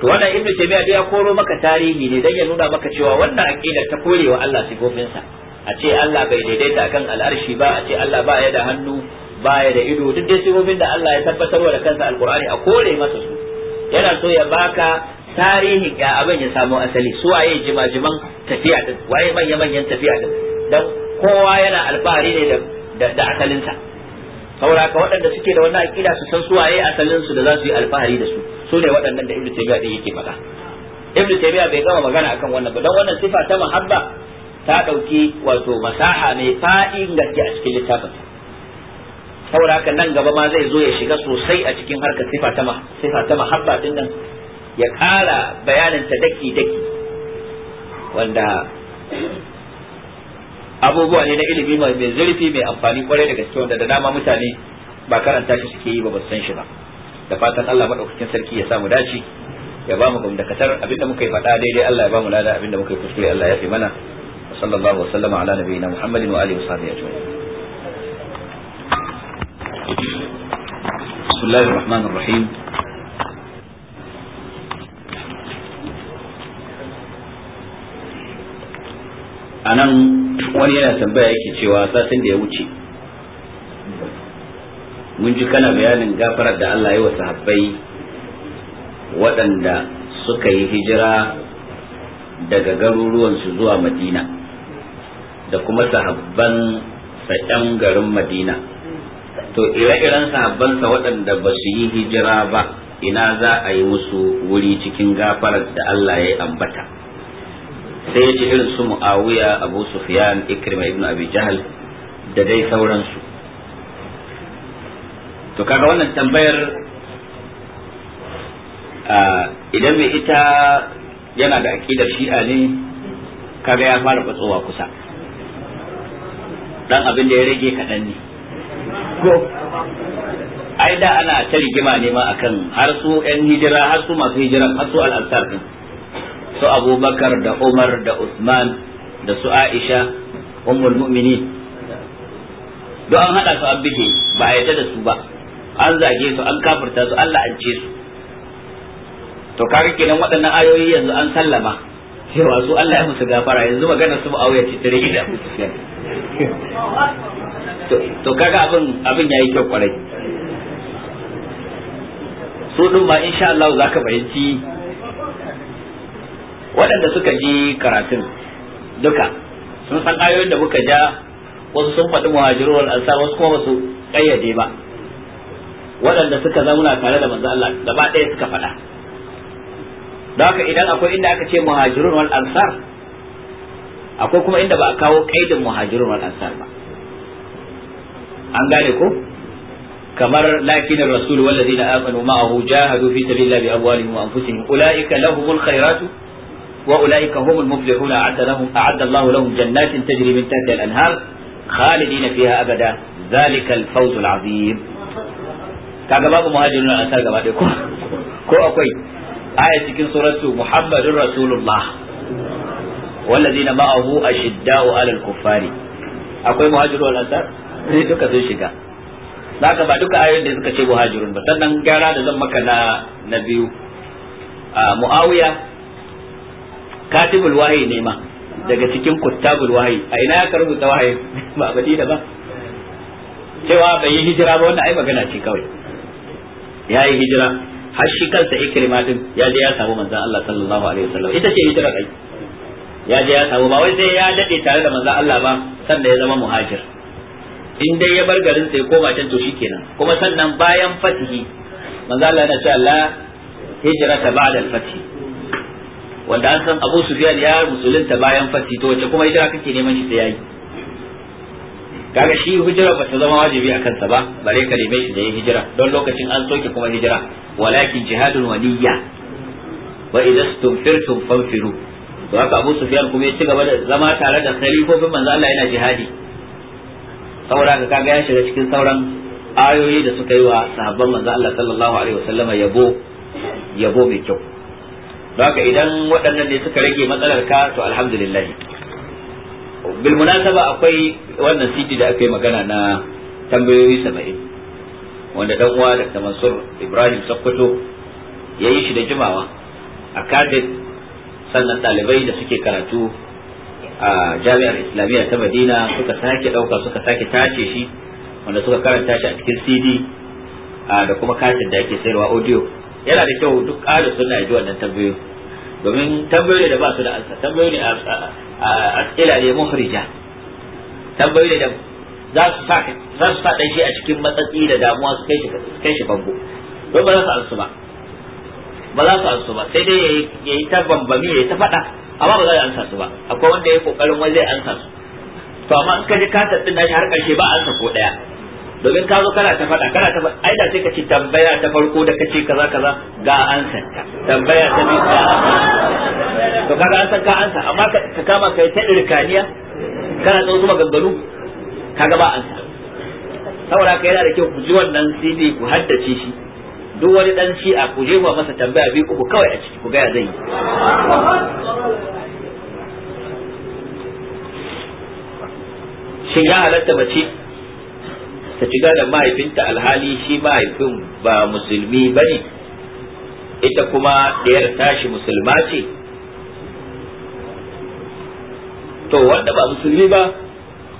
to wannan ibn tabi'a ya koro maka tarihi ne dan ya nuna maka cewa wannan aqida ta korewa Allah sa a ce Allah bai daidaita akan al'arshi ba a ce Allah ba ya da hannu ba ya da ido duk dai sifofin da Allah ya tabbatarwa da kansa al alqur'ani a kore masa su yana so ya baka tarihin ya abin ya samu asali su waye jimajiman tafiya din waye manyan manyan tafiya din dan kowa yana alfahari ne da da asalinsa saboda ka waɗanda suke da wannan aqida su san suwaye asalin su da za su yi alfahari da su su ne waɗannan da ibnu taymiya din yake faɗa ibnu taymiya bai gama magana akan wannan ba dan wannan sifa ta mahabba ta dauki wato masaha mai fa'in gaske a cikin littafin saboda haka nan gaba ma zai zo ya shiga sosai a cikin harkar sifa ta sifa ta mahabba din nan ya ƙara bayanin ta daki daki wanda abubuwa ne na ilimi mai zurfi mai amfani kwarai da gaske wanda da dama mutane ba karanta shi suke yi ba ba san shi ba da fatan Allah madaukakin sarki ya samu dace ya ba mu gumdakatar abinda muka yi fada daidai Allah ya ba mu lada abinda muka yi kuskure Allah ya fi mana sallallahu wa sallama ala nabiyina Muhammadin wa alihi wa sahbihi ajma'in bismillahir rahmanir rahim anan wani yana tambaya yake cewa satin da ya wuce mun ji kana bayanin gafarar da Allah ya wa sahabbai waɗanda suka yi hijira daga garuruwansu zuwa madina da kuma sahabban sa'yan garin madina to ire-iren sahabbansa waɗanda ba su yi hijira ba ina za a yi musu wuri cikin gafarar da Allah ya ambata sai ya ji irin su muawiya abu sufyan ikrima ibn abi jahal da dai sauransu to kaga wannan tambayar idan mai ita yana da aƙidar shi'a ne kaga ya fara batsowa kusa dan abin da ya rage kaɗan ne ai da ana ta rigima ne ma akan har su 'yan hijira har su masu hijira har su al'ansar din su abubakar da umar da usman da su aisha ummul mu'minin duk an haɗa su an bige ba a yadda da su ba an zage su an kafirta su Allah an ce su to kare kenan waɗannan ayoyi yanzu an sallama cewa su Allah ya musu gafara yanzu magana su ma'auya ce tare gida to kaga abin abin yayi kyau kwarai su ɗin ba insha Allah za ka fahimci waɗanda suka ji karatun duka sun san ayoyin da muka ja wasu sun faɗi muhajiru wal ansa wasu kuma basu kayyade ba waɗanda suka zauna tare da manzo Allah gaba ɗaya suka faɗa haka idan akwai inda aka ce muhajirun wal ansar akwai kuma inda ba a kawo ƙaidin muhajirun wal ansar ba an gane ko kamar lakin ar-rasul wal ladina amanu ma'ahu jahadu fi sabilillahi bi amwalihim wa anfusihim ulaika lahumul khairatu وأولئك هم المفلحون أعد, لهم أعد الله لهم جنات تجري من تحتها الأنهار خالدين فيها أبدا ذلك الفوز العظيم kaga babu muhajirun ansar gaba ɗaya ko ko akwai aya cikin suratu muhammadun rasulullah wallazina ma'ahu ashidda'u 'alal kuffari akwai muhajirun ansar duka sun shiga ba duka ayoyin da suka ce muhajirun ba sannan gyara da zan maka na na biyu muawiya katibul wahayi ne ma daga cikin kuttabul wahayi a ina ya rubuta wahayi ba badi da ba cewa bai yi hijira ba wannan ai magana ce kawai ya yi hijira har shi kansa ikrima din ya je ya samu manzon Allah sallallahu alaihi wasallam ita ce hijira kai ya je ya samu ba wai sai ya dade tare da manzon Allah ba sannan ya zama muhajir in dai ya bar garin sai koma can to shikenan kuma sannan bayan fatihi manzon Allah yana Allah hijira hijrata ba'da al fatih wanda an san Abu Sufiyan ya musulunta bayan fati to wace kuma hijira kake neman shi sai yayi kaga shi hijira ba ta zama wajibi a kansa ba bare ka neme shi da yin hijira don lokacin an soke kuma hijira walakin jihadun waliya wa idza stumfirtum fanfiru to haka Abu Sufiyan kuma ya ci gaba da zama tare da khalifofin manzo Allah yana jihadi saboda ka kaga ya shiga cikin sauran ayoyi da suka yi wa sahabban manzo Allah sallallahu alaihi wasallama yabo yabo mai kyau haka idan waɗannan ne suka rage matsalar ka to alhamdulillah bil munasaba akwai wannan CD da aka yi magana na tambayoyi 70 wanda dan uwa Dr. Mansur Ibrahim Sokoto ya yi shi da jimawa a Cardiff sannan ɗalibai da suke karatu a jami'ar islamiyya ta madina suka sake ɗauka suka sake tace shi wanda suka karanta shi a cikin cd da kuma katin da ake sayarwa audio yana da kyau duk ahlus suna ji wannan tambayoyi domin tambayoyi da ba su da ansa tambayoyi ne as'ila ne muhrija tambayoyi da za su sa za su sa shi a cikin matsatsi da damuwa su kai shi kai shi bango don ba za su alsu ba ba za su alsu ba sai dai yayi yi ta bambami yayi ta fada amma ba za su ansa su ba akwai wanda yi kokarin wai zai ansa su to amma in ka ji ka tabbin shi har karshe ba ansa ko daya domin ka zo kana ta faɗa kana ta faɗa da sai ka ci tambaya ta farko da kace kaza kaza ga an san tambaya ta biyu ga to kaga an san ka an san amma ka kama kai ta irkaniya kana tsawon zuwa ganganu kaga ba an san saboda kai yana da kyau ku ji wannan CD ku haddace shi duk wani dan shi a ku jefa masa tambaya biyu ku kawai a ciki ku ga ya zai shin ya halatta mace ta ci da mahaifinta alhali shi mahaifin ba musulmi ba ne ita kuma ɗayar tashi musulma ce to wanda ba musulmi ba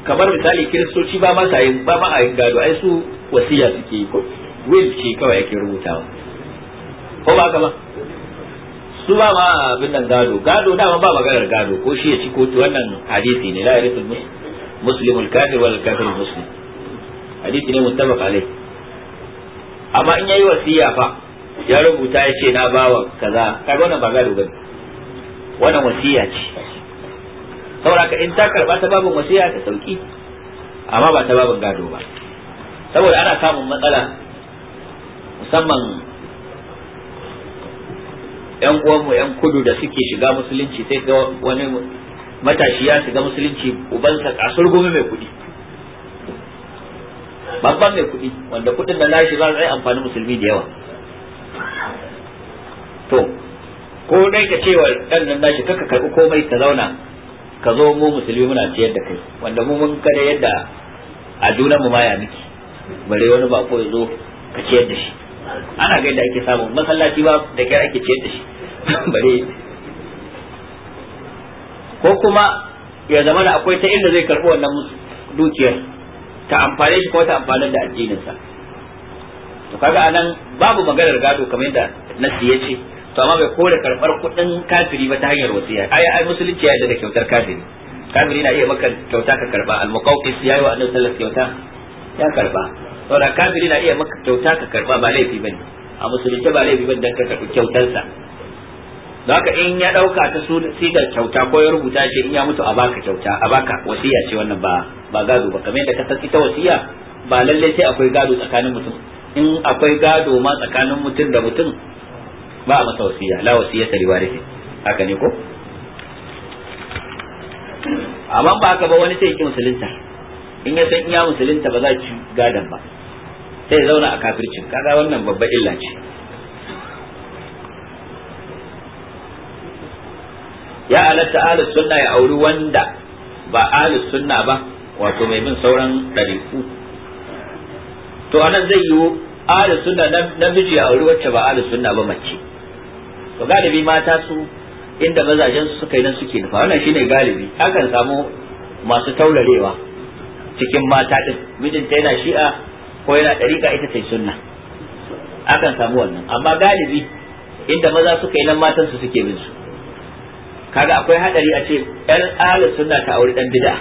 kamar misali kiristoci ba masa yin ba ma yin gado ai su wasiya suke yi will ce kawai yake rubutawa ko ba kama su ba ma abin nan gado gado dama ba maganar gado ko shi ya ci ko wannan hadisi ne la yarithul muslimul kafir wal kafir muslim hadisi ne muttafaq alai amma in yayi wasiya fa ya rubuta ya ce na bawa kaza kai wannan ba gado bane wannan wasiya ce saboda in ta karba ta babu wasiya ta sauki amma ba ta babu gado ba saboda ana samun matsala musamman yan uwanmu yan kudu da suke shiga musulunci sai ga wani matashi ya shiga musulunci ubansa kasar mai kudi babban mai kuɗi wanda kuɗin da nashi za su yi amfani musulmi da yawa to ko dai ka cewa dan nan nashi kaka karbi komai ka zauna ka zo mu musulmi muna ciyar da kai wanda mu mun kada yadda a junan mu maya miki bare wani ba ko zo ka ciyar da shi ana ga yadda ake samu masallaci ba da kai ake ciyar da shi bare ko kuma ya zama da akwai ta inda zai karbi wannan dukiyar ta amfane shi ko ta amfanar da addininsa to kaga anan babu maganar gado kamar yadda nasi ya ce to amma bai kore karbar kudin kafiri ba ta hanyar wasiya ai ai musulunci ya yarda da kyautar kafiri kafiri na iya maka kyauta ka karba al-muqawqis yayi wa annabi sallallahu kyauta ya karba saboda kafiri na iya maka kyauta ka karba ba laifi bane a musulunci ba laifi bane dan ka karbi kyautarsa haka in ya dauka ta sigar kyauta ko ya rubuta shi in ya mutu a baka kyauta a baka wasiya ce wannan ba ba gado ba kamar yadda ka san ita wasiya ba lalle sai akwai gado tsakanin mutum in akwai gado ma tsakanin mutum da mutum ba a masa wasiya la wasiya li warithi haka ne ko amma ba haka ba wani sai ki musulunta in ya san iya musulunta ba za ci gadon ba sai zauna a kafircin kaga wannan babba illa ce ya halatta ahlus sunna ya auri wanda ba ahlus sunna ba wato mai bin sauran ɗariku to anan zai yiwu ahlus sunna miji a wuri wacce ba ahlus sunna ba mace to galibi mata su inda mazajen su suka yi nan suke nufa wannan shine galibi akan samu masu taurarewa cikin mata din mijinta yana shi'a ko yana ɗariƙa ita ta sunna akan samu wannan amma galibi inda maza suka yi nan matan su suke bin su kaga akwai hadari a ce 'yan ahlus sunna ta auri dan bid'a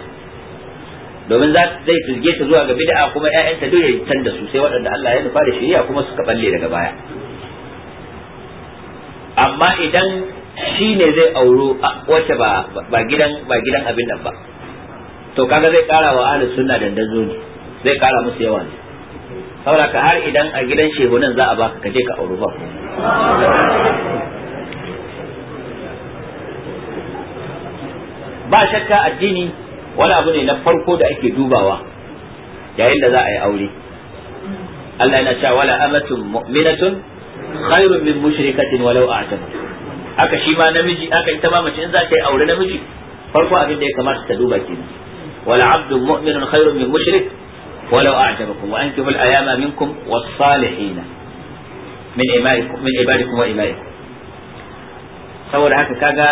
domin za zai turge ta zuwa ga bid'a kuma ƴaƴanta duk ya canza su sai waɗanda Allah ya nufa da shari'a kuma suka balle daga baya amma idan shi ne zai auro wacce ba ba gidan ba gidan abin nan ba to kaga zai kara wa ahlus sunna dandazo ne zai kara musu yawa ne saboda har idan a gidan shehu nan za a baka kaje ka auro ba ba shakka addini wani abu ne na farko da ake dubawa yayin da za a yi aure Allah yana cewa wala amatun mu'minatun khairun min mushrikatin walau a'tabat Aka shi ma namiji aka ita ma mace in za ta yi aure namiji farko abin da ya kamata ta duba kenan wala abdun mu'minun khairun min mushrik walau a'tabakum wa ankihu al-ayama minkum was-salihin min imaikum min ibadikum wa imaikum saboda haka kaga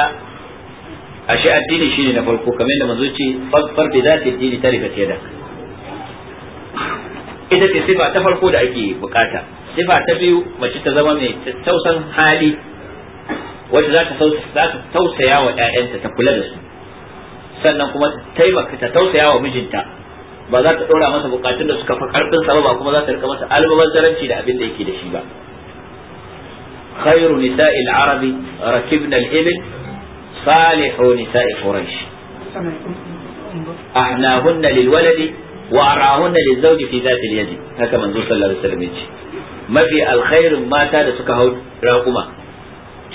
ashe addini shine na farko kamar da manzo ce far bi zati addini rika kedan ita ce sifa ta farko da ake bukata sifa ta biyu mace ta zama mai tausan hali wacce za ta tausaya wa ƴaƴanta ta kula da su sannan kuma taimaka ta tausaya wa mijinta ba za ta ɗora masa bukatun da suka fi karfin sa ba kuma za ta rika masa zaranci da abin da yake da shi ba khairu nisa'il arabi rakibna al-ibil salihu nisa'i quraish ahnahunna lilwaladi wa arahunna lizawji fi zati alyadi haka manzo sallallahu alaihi wasallam yace mafi alkhairin mata da suka hau raƙuma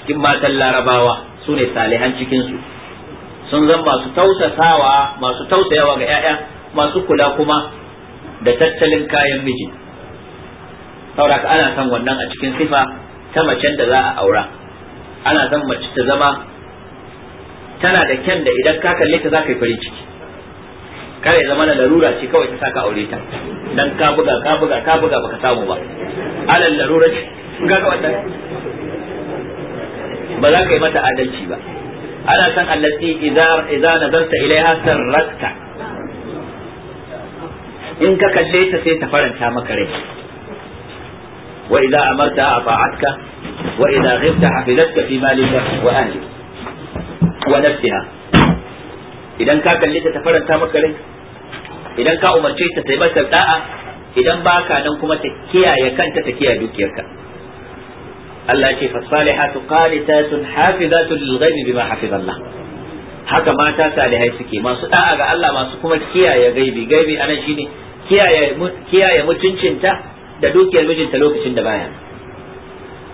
cikin matan larabawa su ne salihan cikinsu sun zama masu tausasawa masu tausayawa ga 'ya'ya masu kula kuma da tattalin kayan miji saboda ana son wannan a cikin sifa ta macen da za a aura ana son mace ta zama tana da kyan da idan ka kalle ta zaka yi farin ciki kare zama na larura ce kawai ta ka aure ta dan ka buga ka buga ka buga baka samu ba alal larura ce ga ga wannan ba za ka yi mata adalci ba ana san allati idza idza nazarta ilaiha sarrata in ka kalle ta sai ta faranta maka rai wa idza amarta afa'atka wa idza ghibta hafizatka fi malika wa ahlik wa nafsiha idan ka kalle ta ta faranta maka rai idan ka umarce ta ta da'a idan baka nan kuma ta kiyaye kanta ta kiyaye dukiyarka Allah ce haka mata salihai suke masu da'a ga Allah masu kuma kiyaye gaibi gaibi anan shine kiyaye kiyaye mutuncinta da dukiyar mijinta lokacin da baya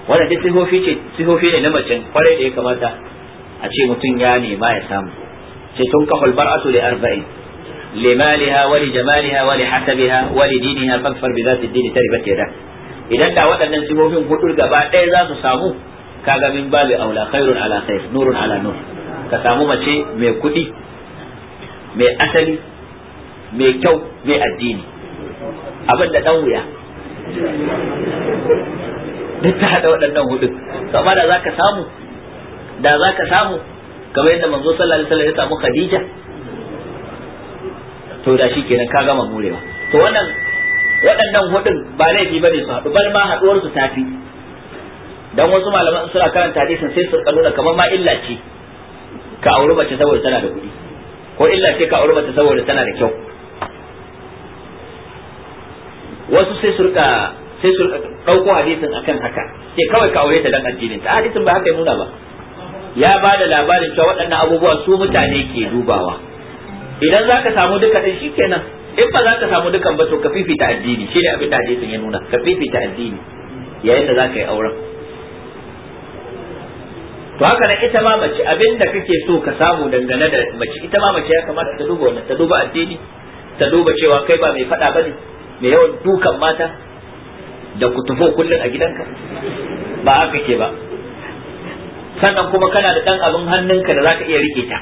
wannan duk sihofi ce sihofi ne na mace kwarai da ya kamata a ce mutum ya nema ya samu sai tun kahul bar'atu li arba'in limaliha wa li jamaliha wa li hasabiha wa li diniha fakfar bi zati dini taribat yadak idan da waɗannan sifofin hudu gaba ɗaya za su samu kaga min babu aula khairun ala khair nurun ala nur ka samu mace mai kuɗi mai asali mai kyau mai addini abin da ɗan wuya duk ta haɗa waɗannan hudu kamar da za ka samu da za ka samu kamar yadda manzo sallallahu alaihi wasallam ya samu khadija to da shi kenan ka gama murewa. to wannan waɗannan hudun ba laifi bane su haɗu bal ma haɗuwar su tafi dan wasu malaman suna karanta hadisin sai su nuna kamar ma illa ce ka auri mace saboda tana da kuɗi ko illa ce ka auri mace saboda tana da kyau wasu sai su sai surka dauko hadisin akan haka sai kawai ka aure ta dan addinin ta hadisin ba haka ya nuna ba ya ba da labarin cewa waɗannan abubuwa su mutane ke dubawa idan za ka samu duka ɗin shi kenan in ba za ka samu dukan ba to ka fifita addini shi ne abin da hadisin ya nuna ka fifita addini yayin da za ka yi auren to haka nan ita ma mace abin da kake so ka samu dangane da mace ita ma mace ya kamata ta duba wannan ta duba addini ta duba cewa kai ba mai faɗa bane mai yawan dukan mata da kutufo kullum a gidanka ba haka ke ba sannan kuma kana da dan abin hannunka da zaka iya rike ta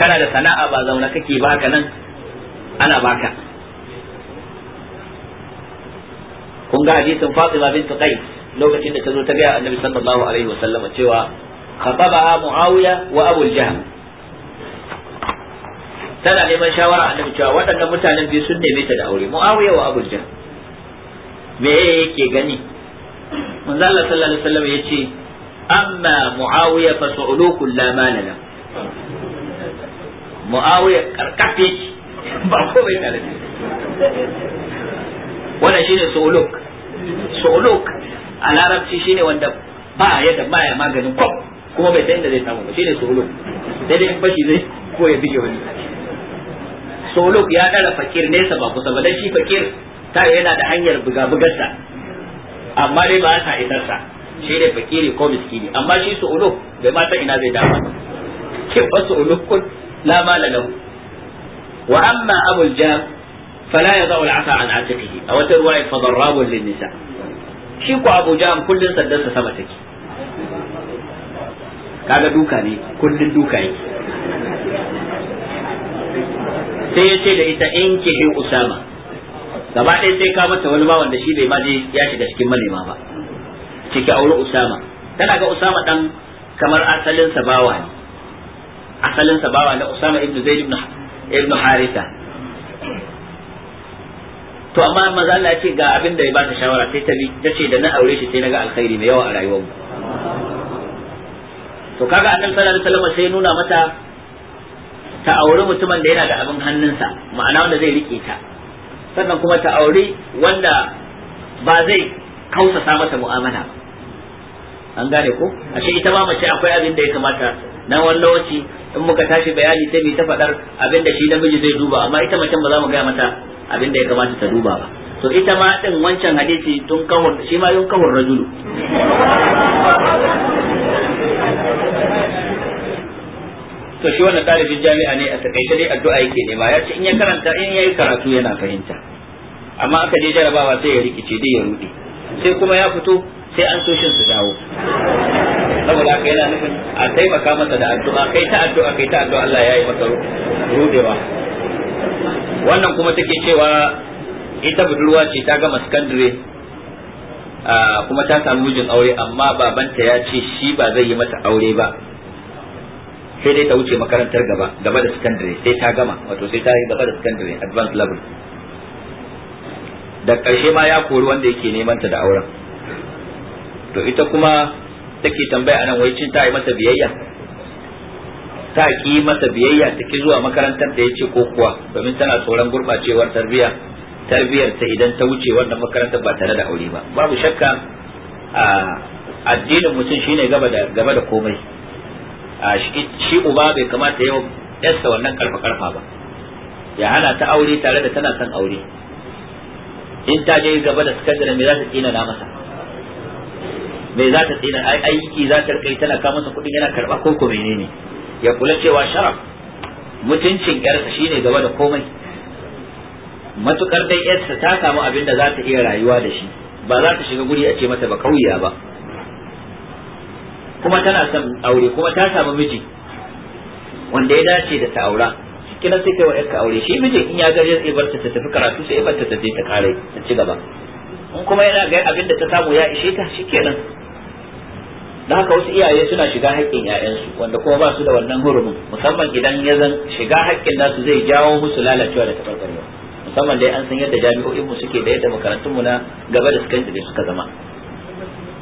kana da sana'a ba zauna kake baka nan ana baka kun ga hadisin Fatima bint Qais lokacin da ta zo ta ga Annabi sallallahu alaihi wa sallama cewa khatabaha Muawiya wa Abu Jahl tana neman shawara Annabi cewa waɗannan mutanen biyu sun neme ta da aure Muawiya wa Abu Jahl me yake gani manzo Allah sallallahu alaihi wasallam yace amma muawiya fa su'ulukul la malala muawiya karkafe ba komai tare
da
wannan shine su'uluk su'uluk a larabci shine wanda ba ya da baya maganin kwam kuma bai san inda zai samu ba shine su'uluk sai dai in zai ko ya bige wani solok ya dara fakir nesa ba kusa ba dan shi fakir ta yana da hanyar buga bugarsa amma dai ba ta isarsa shi ne fakiri ko miskini amma shi su ulu bai mata ina zai dama ke ba su ulu kun la mala lahu wa amma abul jam fala yadau asa an atiqihi a wata ruwaya fa darrabun lin nisa shi ko abu jam kullun saddarsa sama take kaga duka ne kullun duka yake sai ya ce da ita in ki usama gaba ɗaya sai ka mata wani ma wanda shi bai ma je ya shiga cikin manema ba ce ki aure Usama tana ga Usama dan kamar asalin sa bawa ne asalin sa bawa ne Usama ibn Zaid ibn ibn Haritha to amma maza Allah ya ce ga abin da ya ba ta shawara sai ta bi ta ce da na aure shi sai ga alkhairi mai yawa a rayuwar mu to kaga annabi sallallahu alaihi wasallam sai nuna mata ta aure mutumin da yana da abin hannunsa ma'ana wanda zai rike ta sannan kuma ta aure wanda ba zai hausasa mata mu'amala ba an gane ko ashe ita ma mace akwai abin da ya kamata na wani lokaci in muka tashi bayani sai mu ta faɗar abin da shi namiji zai duba amma ita mace ba za mu gaya mata abin da ya kamata ta duba ba to ita ma din wancan hadisi tun kawar shi ma yun kawar rajulu to shi wannan ɗalibin jami'a ne a takaice dai addu'a yake nema ya ce in ya karanta in yayi karatu yana fahimta amma aka je jarabawa sai ya rikice dai ya rudi sai kuma ya fito sai an so shin su dawo saboda haka yana nufin a taimaka masa da addu'a kai ta addu'a kai ta addu'a Allah ya yi masa rudewa wannan kuma take cewa ita budurwa ce ta gama sakandare kuma ta samu mijin aure amma babanta ya ce shi ba zai yi mata aure ba sai dai ta wuce makarantar gaba gaba da secondary sai ta gama wato sai ta yi gaba da secondary advanced level da ƙarshe ma ya kori wanda yake neman ta da auren to ita kuma take tambaya anan wai cin ta yi masa biyayya ta ki masa biyayya ta ki zuwa makarantar da ya ce ko kuwa domin tana tsoron gurɓacewar tarbiyya tarbiyyar ta idan ta wuce wannan makarantar ba tare da aure ba babu shakka a addinin mutum shine gaba da gaba da komai a shi uba bai kamata yau yarsa wannan karfa karfa ba ya hana ta aure tare da tana son aure in ta je gaba da sakandare me za ta kina na masa me za ta tsina aiki za ta rikai tana kama masa kuɗin yana karɓa ko ko menene ya kula cewa sharaf mutuncin yarsa shine gaba da komai matukar dai yarsa ta samu abin da za ta iya rayuwa da shi ba za ta shiga guri a ce mata ba kauya ba kuma tana son aure kuma ta samu miji wanda ya dace da ta aura kina sai kai wa yarka aure shi mijin in ya ga ya barta ta tafi karatu sai barta ta je ta kare ta ci gaba in kuma yana ga abin da ta samu ya ishe ta shikenan da haka wasu iyaye suna shiga haƙƙin 'ya'yansu wanda kuma ba su da wannan hurumin musamman idan ya zan shiga haƙƙin nasu zai jawo musu lalacewa da tabarbarewa musamman dai an san yadda jami'o'in mu suke da yadda makarantun mu na gaba da sukan sakandare suka zama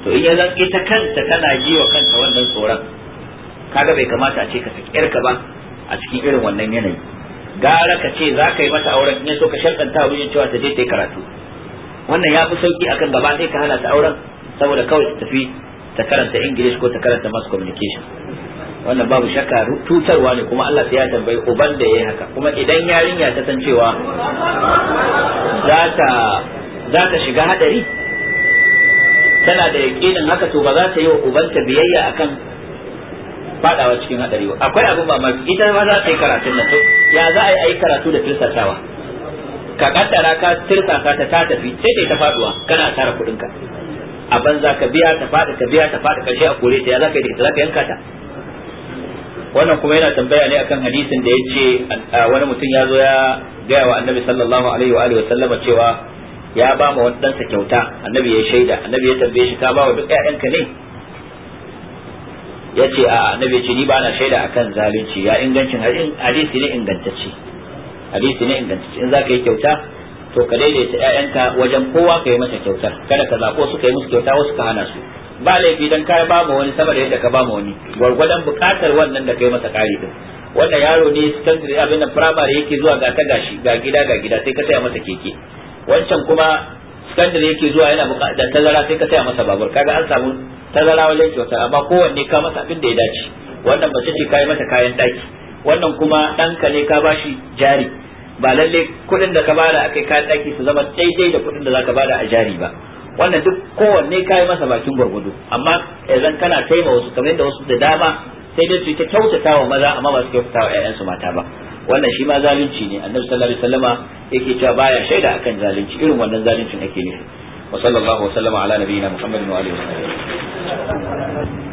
to in ya zan ita kanta kana ji wa kanta wannan tsoron kaga bai kamata a ce ka saki ka ba a cikin irin wannan yanayi gara ka ce za ka yi mata auren in ya so ka shaɗanta wajen cewa ta je ta yi karatu wannan ya fi sauki akan gaba ɗaya ka hana ta auren saboda kawai ta tafi ta karanta english ko ta karanta mass communication wannan babu shakka tutarwa ne kuma Allah ya tambayi uban da yayi haka kuma idan yarinya ta san cewa za ta za ta shiga hadari tana da yakinin haka to ba za ta yi wa ubanta biyayya akan fadawa cikin hadari ba akwai abin mamaki ita ma za ta yi karatun nan ya za a yi ayi karatu da tirsatawa ka kaddara ka tirsasa ta ta tafi sai ta faduwa kana tara kudin ka a banza ka biya ta fada ka biya ta fada karshe a kore ta ya zaka yi da zaka yanka ta wannan kuma yana tambaya ne akan hadisin da yace wani mutum ya zo ya gaya wa annabi sallallahu alaihi wa alihi sallama cewa ya ba ma wani sa kyauta annabi ya shaida annabi ya tambaye shi ka ba wa duk ƴaƴanka ne ya ce a annabi ya ce ni ba na shaida akan zalunci ya ingancin hadisi ne ingantacce hadisi ne ingantacce in zaka yi kyauta to ka daidaita ƴaƴanka wajen kowa ka yi masa kyautar kada ka zaɓo su yi musu kyauta wasu ka hana su ba laifi dan ka ba mu wani sama da yadda ka ba mu wani gwargwadon bukatar wannan da ka yi masa kari din wanda yaro ne secondary abin da primary yake zuwa ga ta gashi ga gida ga gida sai ka saya masa keke wancan kuma secondary yake zuwa yana da tazara sai ka saya masa babur kaga an samu tazara wajen kyauta amma kowanne ka masa abin da ya dace wannan mace ce ka yi mata kayan ɗaki wannan kuma ɗanka ne ka bashi jari ba lalle kuɗin da ka bada yi kayan ɗaki su zama daidai da kuɗin da zaka bada a jari ba wannan duk kowanne kayi masa bakin gwargwado amma idan kana taima wasu kamar da wasu da dama sai dai su ta kyautata wa maza amma ba su kyautata wa mata ba wannan shi ma zalunci ne annabi sallallahu alaihi wasallama yake cewa baya shaida akan zalunci irin wannan zaluncin ake nufi wa sallallahu wa sallama ala nabiyina muhammadin wa alihi
wa